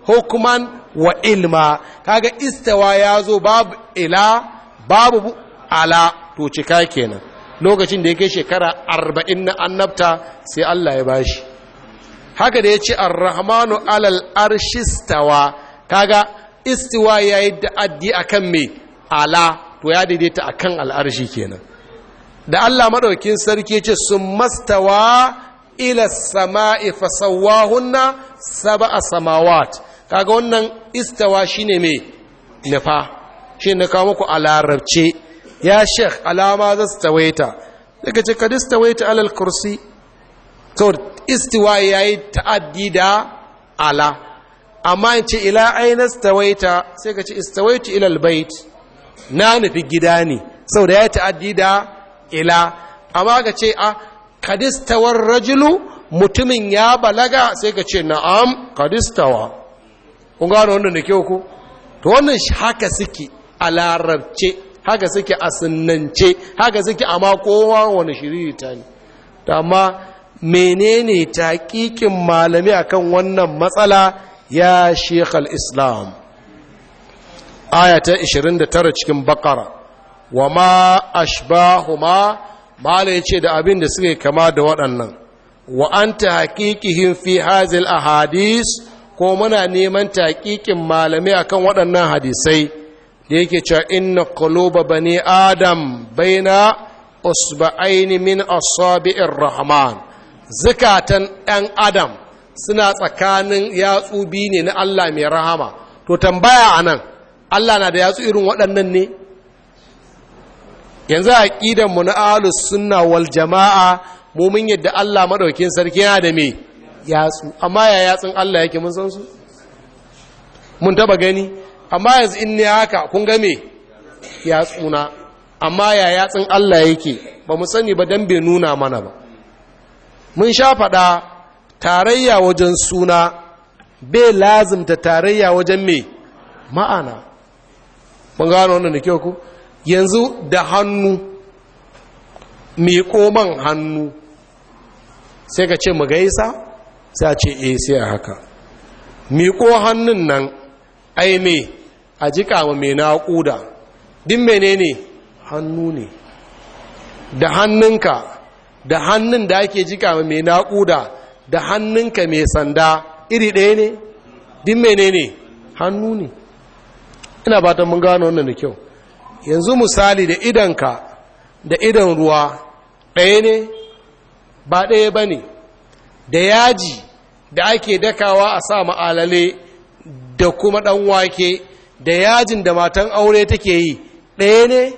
[SPEAKER 1] hukman wa ilma kaga istawa ya zo babu ila babu ala to cika kenan lokacin da ya kai shekara arba'in na annabta sai Allah ya bashi haka da ya ce arrahmanu alal arshistawa kaga istiwa ya yi da'addi a kan mai ala to ya daidaita akan kan al'arshi kenan da Allah maɗaukin sarki ce sun mastawa ila sama'i fasawahunna saba a samawat kaga wannan istawa shine mai nufa shi na kawo muku alarabce ya sheikh alama za su tawaita daga ce kadis tawaita alal kursi to istawa ya yi ta'addi da ala amma in ce ila aina stawaita sai ka ce istawaitu ilal bait na nufi gida ne Sau da ya yi ta'addi da ila amma ka ce a ah, kadistawar rajulu mutumin ya balaga sai ka ce na'am kadistawa kun gano wannan da kyau ku to wannan haka suke a larabce haka suke a sunnance haka suke a makowa wani shiriri ta ne amma menene taƙiƙin malami akan wannan matsala ya sheikh al-islam ayata 29 cikin bakara wa ma ashbahuma malai ce da abin da suke kama da waɗannan wa an anta haƙiƙihin fi hazil ahadis ko muna neman taƙiƙin malamai akan waɗannan hadisai da yake cewa inna ba bani adam baina usba'aini min asabi'ir rahman Zikatan ɗan adam suna tsakanin yatsu biyu ne na Allah mai rahama to tambaya a nan Allah na da yatsu irin waɗannan ne yanzu a mu na ahlus sunna wal jamaa mu yadda Allah maɗaukin sarki yana da me yatsu amma ya yatsun Allah yake mun san su mun taba gani amma yanzu in ne haka kun ga me yatsuna amma ya yatsun Allah yake ba mu sani ba dan bai nuna mana ba mun sha faɗa tarayya wajen suna bai lazimta tarayya wajen me ma'ana mun gano wannan da kyau ku yanzu da hannu mai koman hannu sai ka ce mu gaisa sai a ce eh sai a haka miƙo hannun nan ai me a jika wa mai naƙuda din menene hannu ne da hannunka da hannun da ake jika wa mai naƙuda da hannunka mai sanda iri ɗaya ne din menene hannu ne ina ba ta mun gano wannan da kyau yanzu misali da idanka da idan ruwa ɗaya ne ba ɗaya ba ne da yaji da ake dakawa a sa ma'alale da kuma ɗan wake da yajin da matan aure take yi ɗaya ne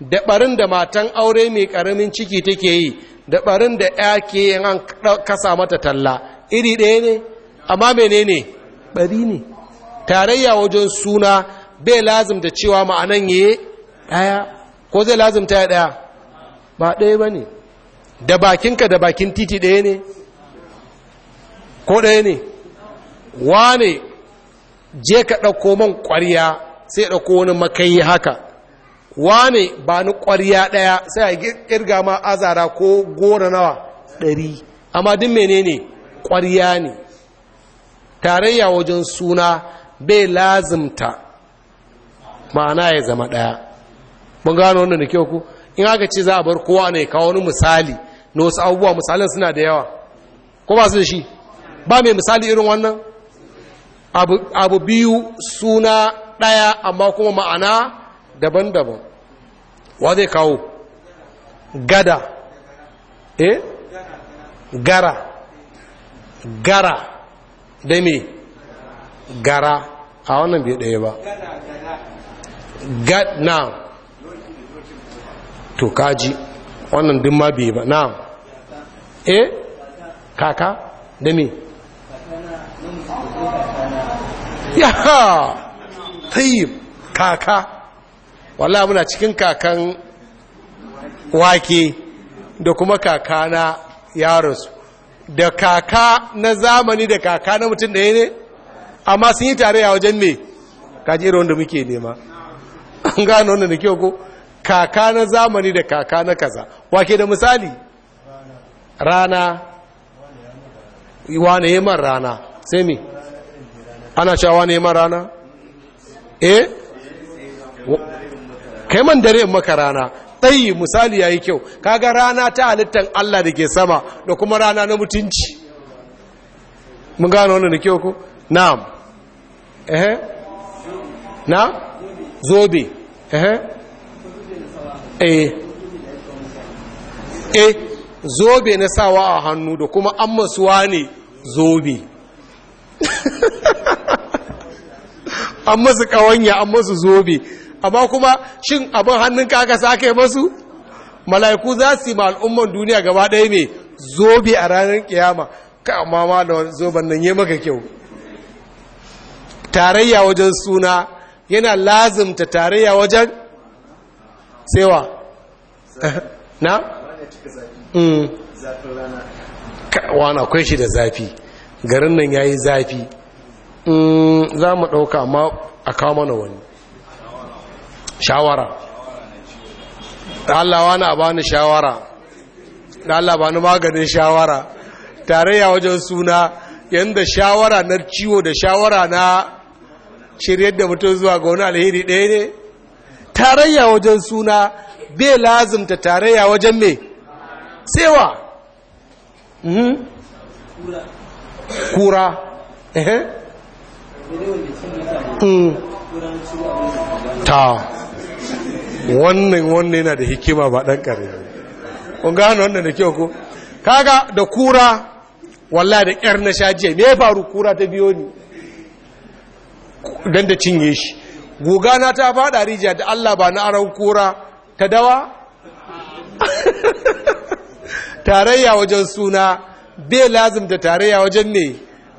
[SPEAKER 1] da ɓarin da matan aure mai ƙaramin ciki take yi da ɓarin da ya ke yin an kasa mata talla iri ɗaya ne amma mene ne ɓari ne tarayya wajen suna bai lazim da cewa ma'anan ya yi ɗaya ko zai lazimta ya ɗaya ba ɗaya ba ne da bakinka da bakin titi ɗaya ne ko ɗaya ne wane je ka ɗauko man ƙwariya sai ya ɗauko wani makayi haka wane ba ni ƙwariya ɗaya sai a ƙirga ma azara ko gora nawa ɗari amma duk menene ƙwarya ne tarayya wajen suna bai lazimta ma'ana ya zama ɗaya mun gano wannan da kyau ku in aka ce za a bar kowa ne kawo wani misali na wasu abubuwa misalin suna da yawa ko ba su da shi ba mai misali irin wannan abu biyu suna ɗaya amma kuma ma'ana daban-daban wa zai kawo gada eh gara gara da me gara a wannan bai ɗaya ba gada na to kaji wannan dimma bai ba na eh kaka da me yaha tayyib kaka wallahi muna cikin kakan wake da kuma kaka na yaros da kaka na zamani da kaka na mutum ɗaya ne amma sun yi tarayya wajen me irin wanda muke nema an gano wanda da kyau ko kaka na zamani da kaka na kaza wake da misali rana wane yi man rana sai mi ana shawa neman rana eh kai man dare maka rana tsayi misali ya yi kyau kaga rana ta halittar Allah da ke sama da kuma rana na mutunci mun gano wannan da kyau ko na'am eh na zobe eh eh zobe na sawa a hannu da kuma an masuwa ne zobe *laughs* an masu kawanya an masu zobe amma kuma shin abin hannun kaka aka masu mala'iku za su yi ma al'ummar duniya gaba ɗaya ne zobe a ranar kiyama ka amma ma da zoben nan yi maka kyau tarayya wajen suna yana lazimta tarayya wajen tsewa *laughs* na? Mm. wani akwai shi da zafi garin nan ya yi zafi mm, za mu ɗauka amma a kawo mana wani shawara Allah wani a bani shawara Allah bani maganin shawara tarayya wajen suna yadda shawara na ciwo da shawara na shiryar da mutum zuwa ga wani alheri ɗaya ne tarayya wajen suna bai lazimta tarayya wajen mai sewa mhm. kura ehe mm. ta wannan wannan yana da hikima ba ɗan kare kun gano wannan da kyau ko kaga da kura wallahi da ƙyar na shajiya me ya faru kura ta biyo ni dan da cinye shi gugana ta faɗa rijiya da allah ba na aran kura ta dawa *laughs* tarayya wajen suna bai lazim da tarayya wajen ne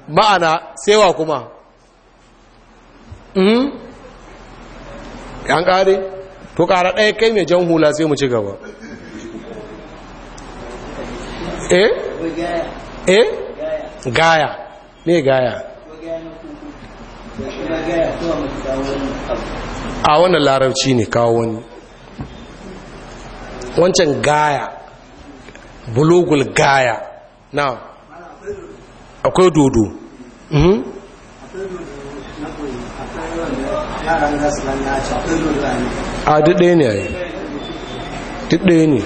[SPEAKER 1] ma'ana saiwa kuma mm yan kare to kara ɗaya kai mai jan hula sai mu ci gaba eh eh gaya ne gaya a wannan larabci ne kawo wani wancan gaya bulugul gaya na akwai dodo mhm. a duk mm, ne a yi duk ne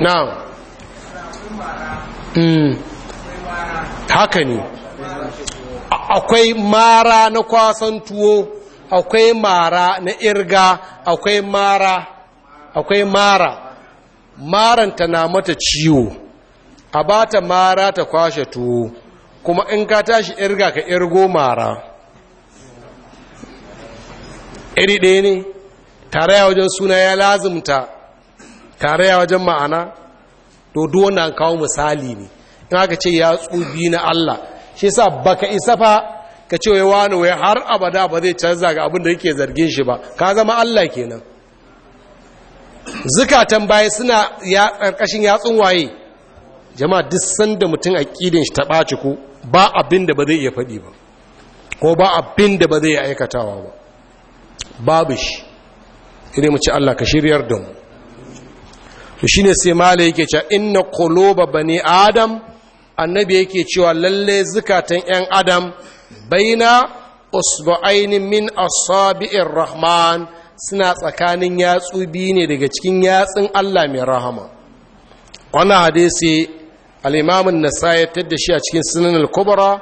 [SPEAKER 1] na haka ne akwai mara na kwasan tuwo akwai mara na irga akwai mara akwai mara maranta na mata ciwo a ba ta mara ta kwashe tuwo kuma in ka tashi irga ka irgo mara iri ɗaya ne Tare ya wajen suna ya lazimta tare ya wajen ma'ana dodo na kawo misali ne in aka ce ya tsubi na Allah shi sa baka isa fa ka ce wai wani wai har abada ba zai canza ga abin da yake zargin shi ba ka zama Allah kenan zukatan baya suna ƙarƙashin yatsun waye jama'a duk sanda mutum aƙidin shi ta baci ko ba abin da ba zai iya faɗi ba ko ba abin da ba zai aikatawa ba babu shi idan mu ci Allah ka shiryar da mu to shine sai malai yake cewa inna quluba bani adam annabi yake cewa lalle zukatan yan adam baina usbu'aini min asabi'ir rahman suna tsakanin yatsu biyu ne daga cikin yatsun Allah mai rahama wannan hadisi al'imamun nasa ya tadda shi a cikin sunan al-kubara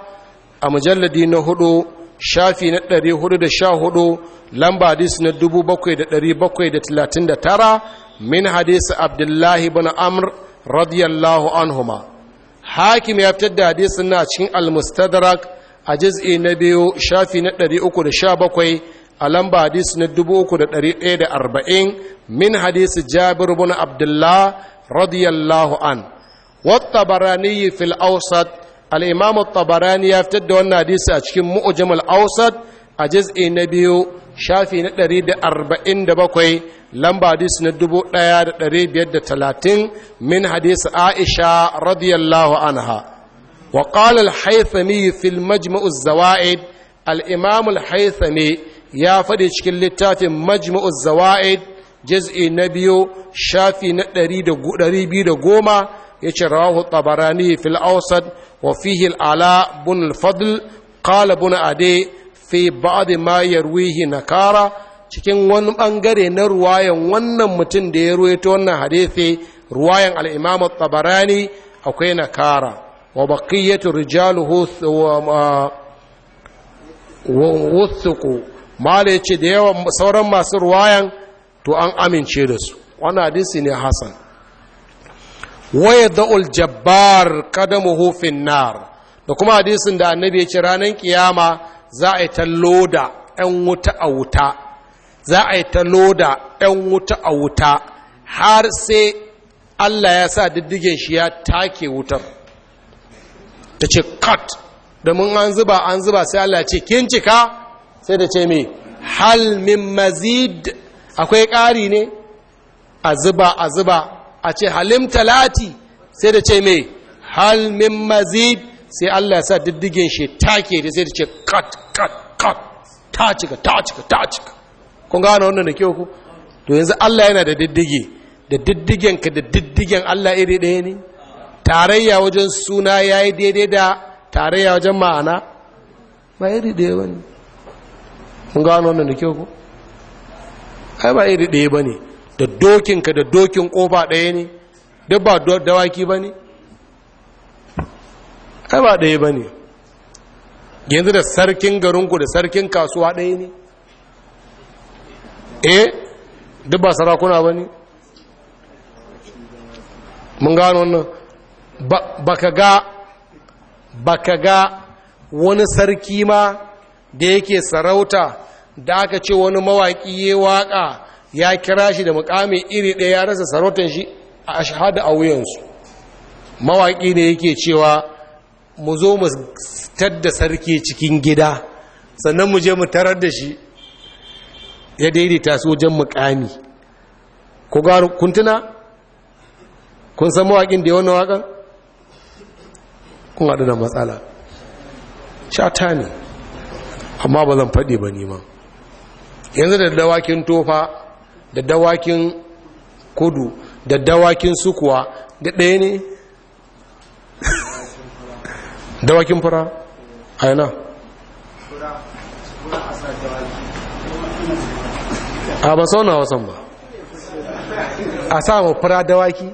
[SPEAKER 1] a mujalladi na hudu shafi na 414 lamba disu na 7739 min hadis abdullahi bin amr radiyallahu anhuma hakim ya fitar da na cikin al-mustadrak a jiz'i na biyu shafi na 317 a lamba disu na arba'in, min hadisu jabir bin Abdullahi, radiyallahu anhu والطبراني في الأوسط الإمام الطبراني يفتد أن حديث أشكي مؤجم الأوسط أجزء نبيه شافي نتري دي أربعين دبقوي لما حديث ندبو نيار دريب يد تلاتين من حديث عائشة رضي الله عنها وقال الحيثمي في المجمع الزوائد الإمام الحيثمي يا فدي شكل لتاتي مجمع الزوائد جزء نبيه شافي نتري دي, دي, دي, دي, دي, دي, دي, دي, دي, دي yace rawahu tabarani fil awsat wa fihi al ala bun al fadl qala bun ade fi ba'd ma yarwihi nakara cikin wani bangare na ruwayan wannan mutum da ya ruwaito wannan hadisi ruwayan al imam tabarani akwai nakara wa baqiyatu rijaluhu wuthuku mala yace da yawan sauran masu ruwayan to an amince da su wannan hadisi ne Hassan. waya da'ul jabbar qadamuhu fin nar da kuma hadisin da annabi ya ce ranar kiyama za a yi ta loda ƴan wuta a wuta za a yi ta loda 'yan wuta a wuta har sai Allah ya sa diddigen shi ya take wutar ta ce cut domin an zuba an zuba sai Allah ce kin cika sai da ce me hal min mazid akwai ƙari ne a zuba a zuba a ce halim talati sai da ce mai hal min sai Allah ya sa diddigin shi take da sai da ce cut cut cut ta cika ta cika ta cika kun gano wannan da kyau ku to yanzu Allah yana da diddige da diddigen ka da diddigen Allah iri ɗaya ne tarayya wajen suna ya yi daidai da tarayya wajen ma'ana ba iri ɗaya ba ne kun gano wannan da kyau ku ai ba iri ɗaya ba ne. da dokinka da dokin kofa ɗaya ne duk ba dawaki ba ne kai ba ɗaya ba ne yanzu da sarkin garinku da sarkin kasuwa ɗaya ne eh duk ba sarakuna ba ne mun gano wannan ba ka ga ba ka ga wani sarki ma da yake sarauta da aka ce wani mawaƙi ya waƙa ya kira shi da mukami iri ɗaya ya rasa sarautar shi a shahada a wuyansu mawaƙi ne yake cewa mu zo mu da sarki cikin gida sannan mu je mu tarar da shi ya daidaita su wajen mukami ku gano kuntuna kun san mawaƙin da ya wannan waƙan kun haɗu da matsala shata ne amma ba zan faɗi ba nima yanzu da dawakin tofa da dawakin kudu da dawakin sukuwa da ɗaya ne *laughs* dawakin fura yana? a ba sauna wasan ba a samu fura dawaki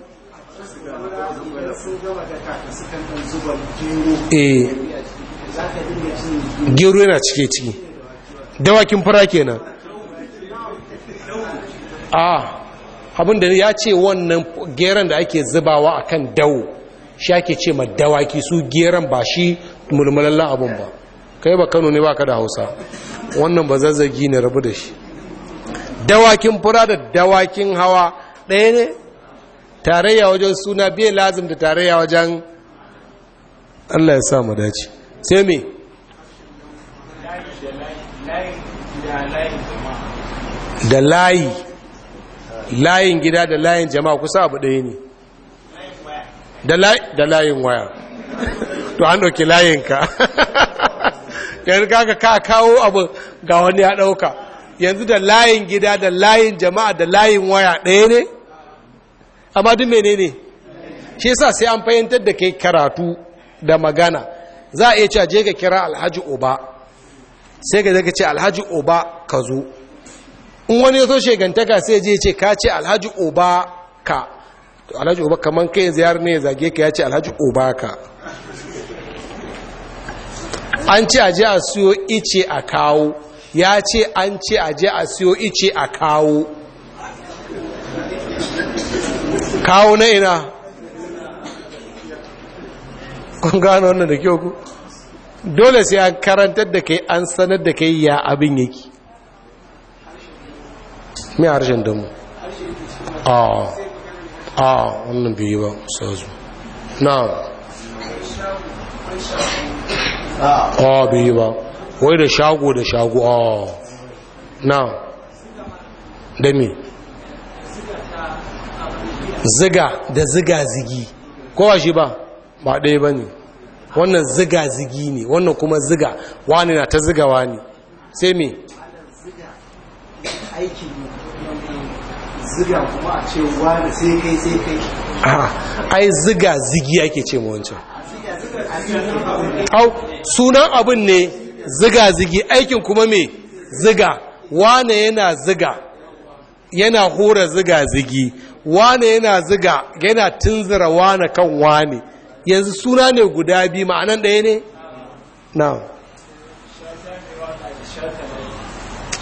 [SPEAKER 1] eh gero yana cike ciki dawakin fura kenan a abin da ya ce wannan geran da ake zubawa a kan dawo shi ake ce ma dawaki su geran ba shi mulmulallan abin ba kai ba kano ne ba ka da hausa wannan ba zazzagi ne rabu da shi dawakin fura da dawakin hawa ɗaya ne tarayya wajen suna biya lazim da tarayya wajen allah ya sa mu dace sai me da layi layin gida da layin jama'a kusa abu ɗaya ne da layin waya to an ɗauki layinka *laughs* yanzu kaka ka kawo abu ga wani ya ɗauka yanzu da layin gida da layin jama'a da layin waya ɗaya ne amma duk mene ne shi sa sai an fahimtar da kai karatu da magana za a iya ce je ka kira alhaji oba sai ka zaka ce alhaji oba ka zo in wani ya so shegantaka sai je ce ka ce alhaji oba ka alhaji oba kamar kai ziyar ne ya zage ka ya ce alhaji oba ka an ce aje a siyo ice a kawo ya ce an ce aje a siyo ice a kawo kawo na ina kun gano wannan da kyau ku dole sai an karantar da kai an sanar da kai ya abin yake mai harshen damu a a wannan biyu ba sazu na a biyu ba wai da shago da shago a na dami ziga da ziga zigi kowa shi ba ba ɗaya ba ne wannan ziga zigi ne wannan kuma ziga wani na ta ziga wani sai me aikin ziga kuma a ce wani sai kai sai kai ai ziga zigi ake ce ma wancan au sunan abin ne ziga zigi aikin kuma me ziga wane yana ziga yana hura ziga zigi wane yana ziga yana tunzura wane kan wane yanzu suna ne guda biyu ma'anan daya ne na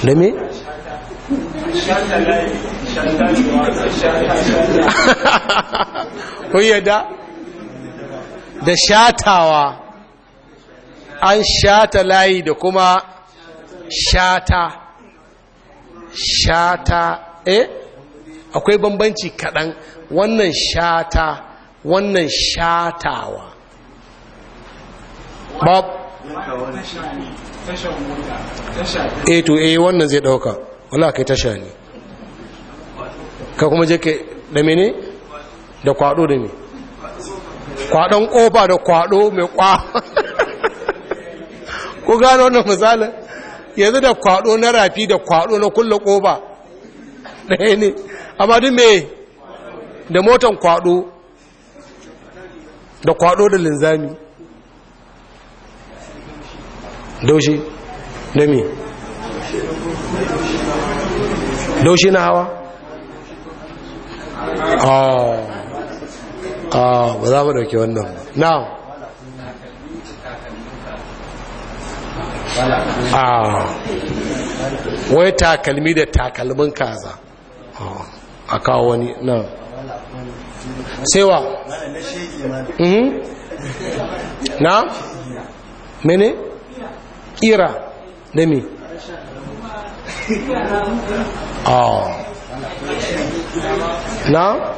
[SPEAKER 1] da me *laughs* kun da shatawa an shata layi da kuma shata shata eh akwai bambanci kadan wannan shata wannan shatawa bab eh to eh wannan zai dauka wala kai tasha ne ka kuma je ke da mene da kwado da ne kwadon koba da kwado mai kwa *laughs* ku gano wannan misalin yanzu da kwado na rafi da kwado na kulle da ɗaya ne amma duk mai da motan kwado da kwado da linzami daushe da mai daushi na hawa Ah. Ah ba za mu dauke wannan na Ah. wai takalmi da takalmin kaza ah, a kawo wani na sewa na mene kira da mi? a ah. na?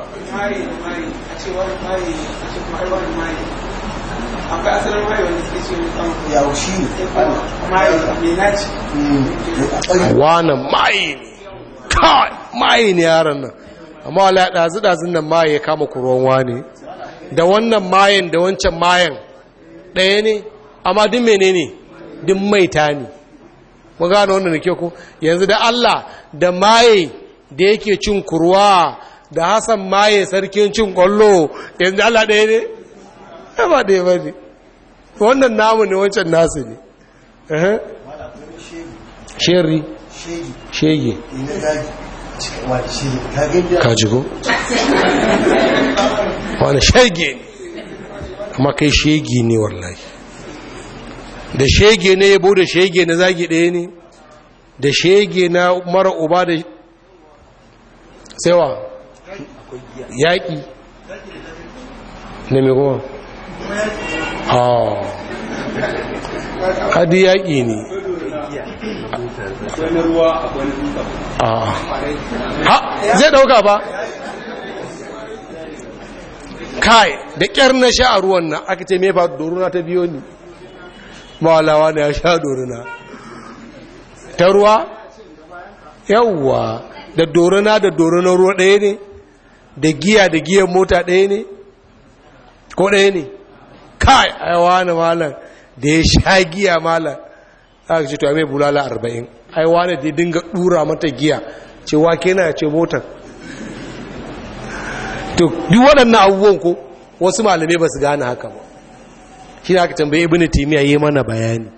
[SPEAKER 1] akwai asalin mari ce mai maye ne kawai ne yaran nan amma wala ɗazu ɗazun nan maye ya kama kuruwan wani da wannan mayan da wancan mayan ɗaya ne amma duk mene ne duk maita ne Mu gano wannan da ke ku yanzu da Allah da maye da yake cin kurwa da Hassan maye sarkin cin kwallo yanzu Allah ɗaya ne ya ba ɗaya ba ne wannan namu ne wancan nasu ne sheri shege kaji wani shege ne amma kai shege ne wallahi da shege na yabo da shege na zagi ɗaya ne da shege na mara uba da tsewa yaƙi na mai kuma ɗi yaƙi ne zai ɗauka ba kai da ƙyar na sha a ruwan na aka ce mefa doruna ta biyo ni malawa ne a sha dorina ta ruwa yawwa da dorina da dorina ruwa ɗaya ne da giya da giyan mota ɗaya ne ko ɗaya ne kai yawa na malam da ya sha giya malam za ka ce to amai mai bulala arba'in aiwa ne da ya dinga ɗura mata giya ce wake na ce motar to duk waɗannan abubuwan ko wasu malamai ba su gane haka ba shi ne aka tambaye ibn taymiya yi mana bayani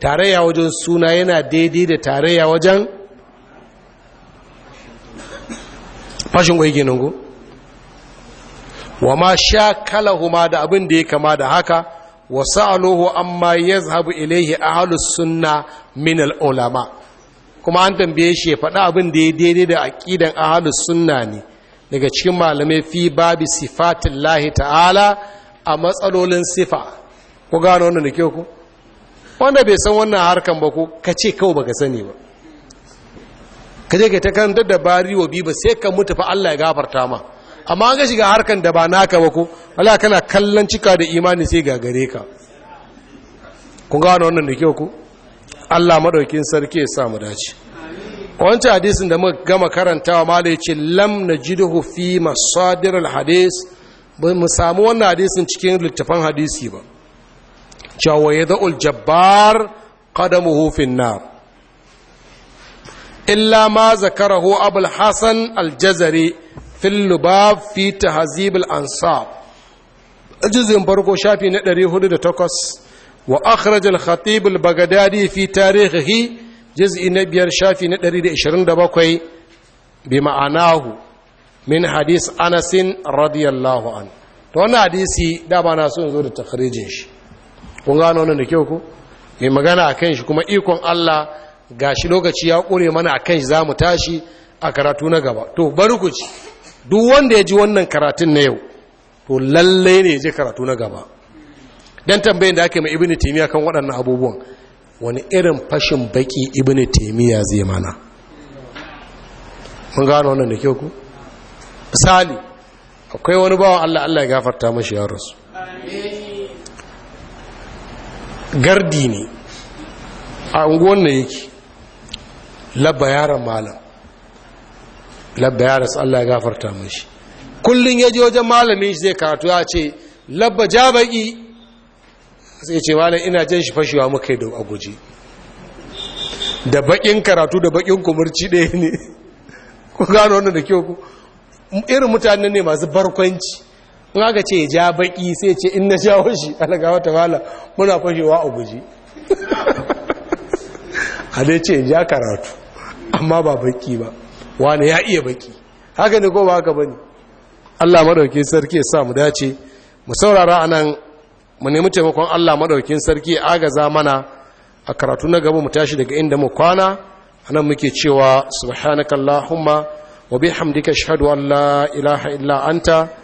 [SPEAKER 1] tarayya wajen suna yana daidai da tarayya wajen fashin gwai ginin go wa ma sha huma da abin da ya kama da haka wa sa'aluhu amma yazhabu ilaihi ahlus sunna min al ulama kuma an tambaye shi ya faɗa abin da ya daidai da aqidan ahlus sunna ne daga cikin malamai fi babi sifatin lahi ta'ala a matsalolin sifa ku gano wannan da ke ku wanda bai san wannan harkan ba ku ka ce ba ka sani ba ka je ka ta kan da bari wa ba sai ka mutu fa Allah ya gafarta ma amma ga shiga harkan da ba naka ba ku Allah kana kallon cika da imani sai ga gare ka Ku gano wannan da ke ku Allah madaukin sarki ya sa mu dace wancan hadisin da muka gama karantawa mala ya ce lam na jiduhu fi masadir hadis ba mu samu wannan hadisin cikin littafan hadisi ba cewa ya za'ul jabbar qadamuhu fin illa ma zakarahu abul hasan al-jazari fil lubab fi tahzib al-ansab juzin farko shafi na 408 wa akhraj al-khatib al-baghdadi fi tarihihi juz'i na biyar shafi na 127 bi ma'anahu min hadis anasin radiyallahu an to wannan hadisi da ba na so in zo da takrijin shi kun gano wannan da kyau ko mai magana akan shi kuma ikon Allah ga shi lokaci ya kure mana akan shi za mu tashi a karatu na gaba to bari ku ci duk wanda ya ji wannan karatun na yau to lalle ne ya ji karatu na gaba dan tambayin da ake mai ibini taymiya kan waɗannan abubuwan wani irin fashin baki ibini taymiya zai mana mun gano wannan da kyau ku misali akwai wani bawan Allah Allah ya gafarta mashi ya rasu gardi ne a unguwan na yake yaran malam Labba yaran su Allah ya gafarta mashi kullum ya ji wajen malamin shi zai karatu ya ce labba baƙi sai ce malam ina jan shi fashewa muka yi da a guji da bakin karatu da bakin kumurci ɗaya ne ku gano wannan da kyau irin mutane ne masu barkwanci in aka ce ja baki sai ce in na washi shi alagawa *laughs* ta mala muna fashewa a guji *laughs* a dai ce ja karatu amma ba baki ba wani ya iya baki haka ne ko ba haka bane Allah madauki sarki ya sa mu dace mu saurara anan mu nemi taimakon Allah madaukin sarki ya agaza mana a karatu na gaba mu tashi daga inda mu kwana anan muke cewa subhanakallahumma wa bihamdika ashhadu an la ilaha illa anta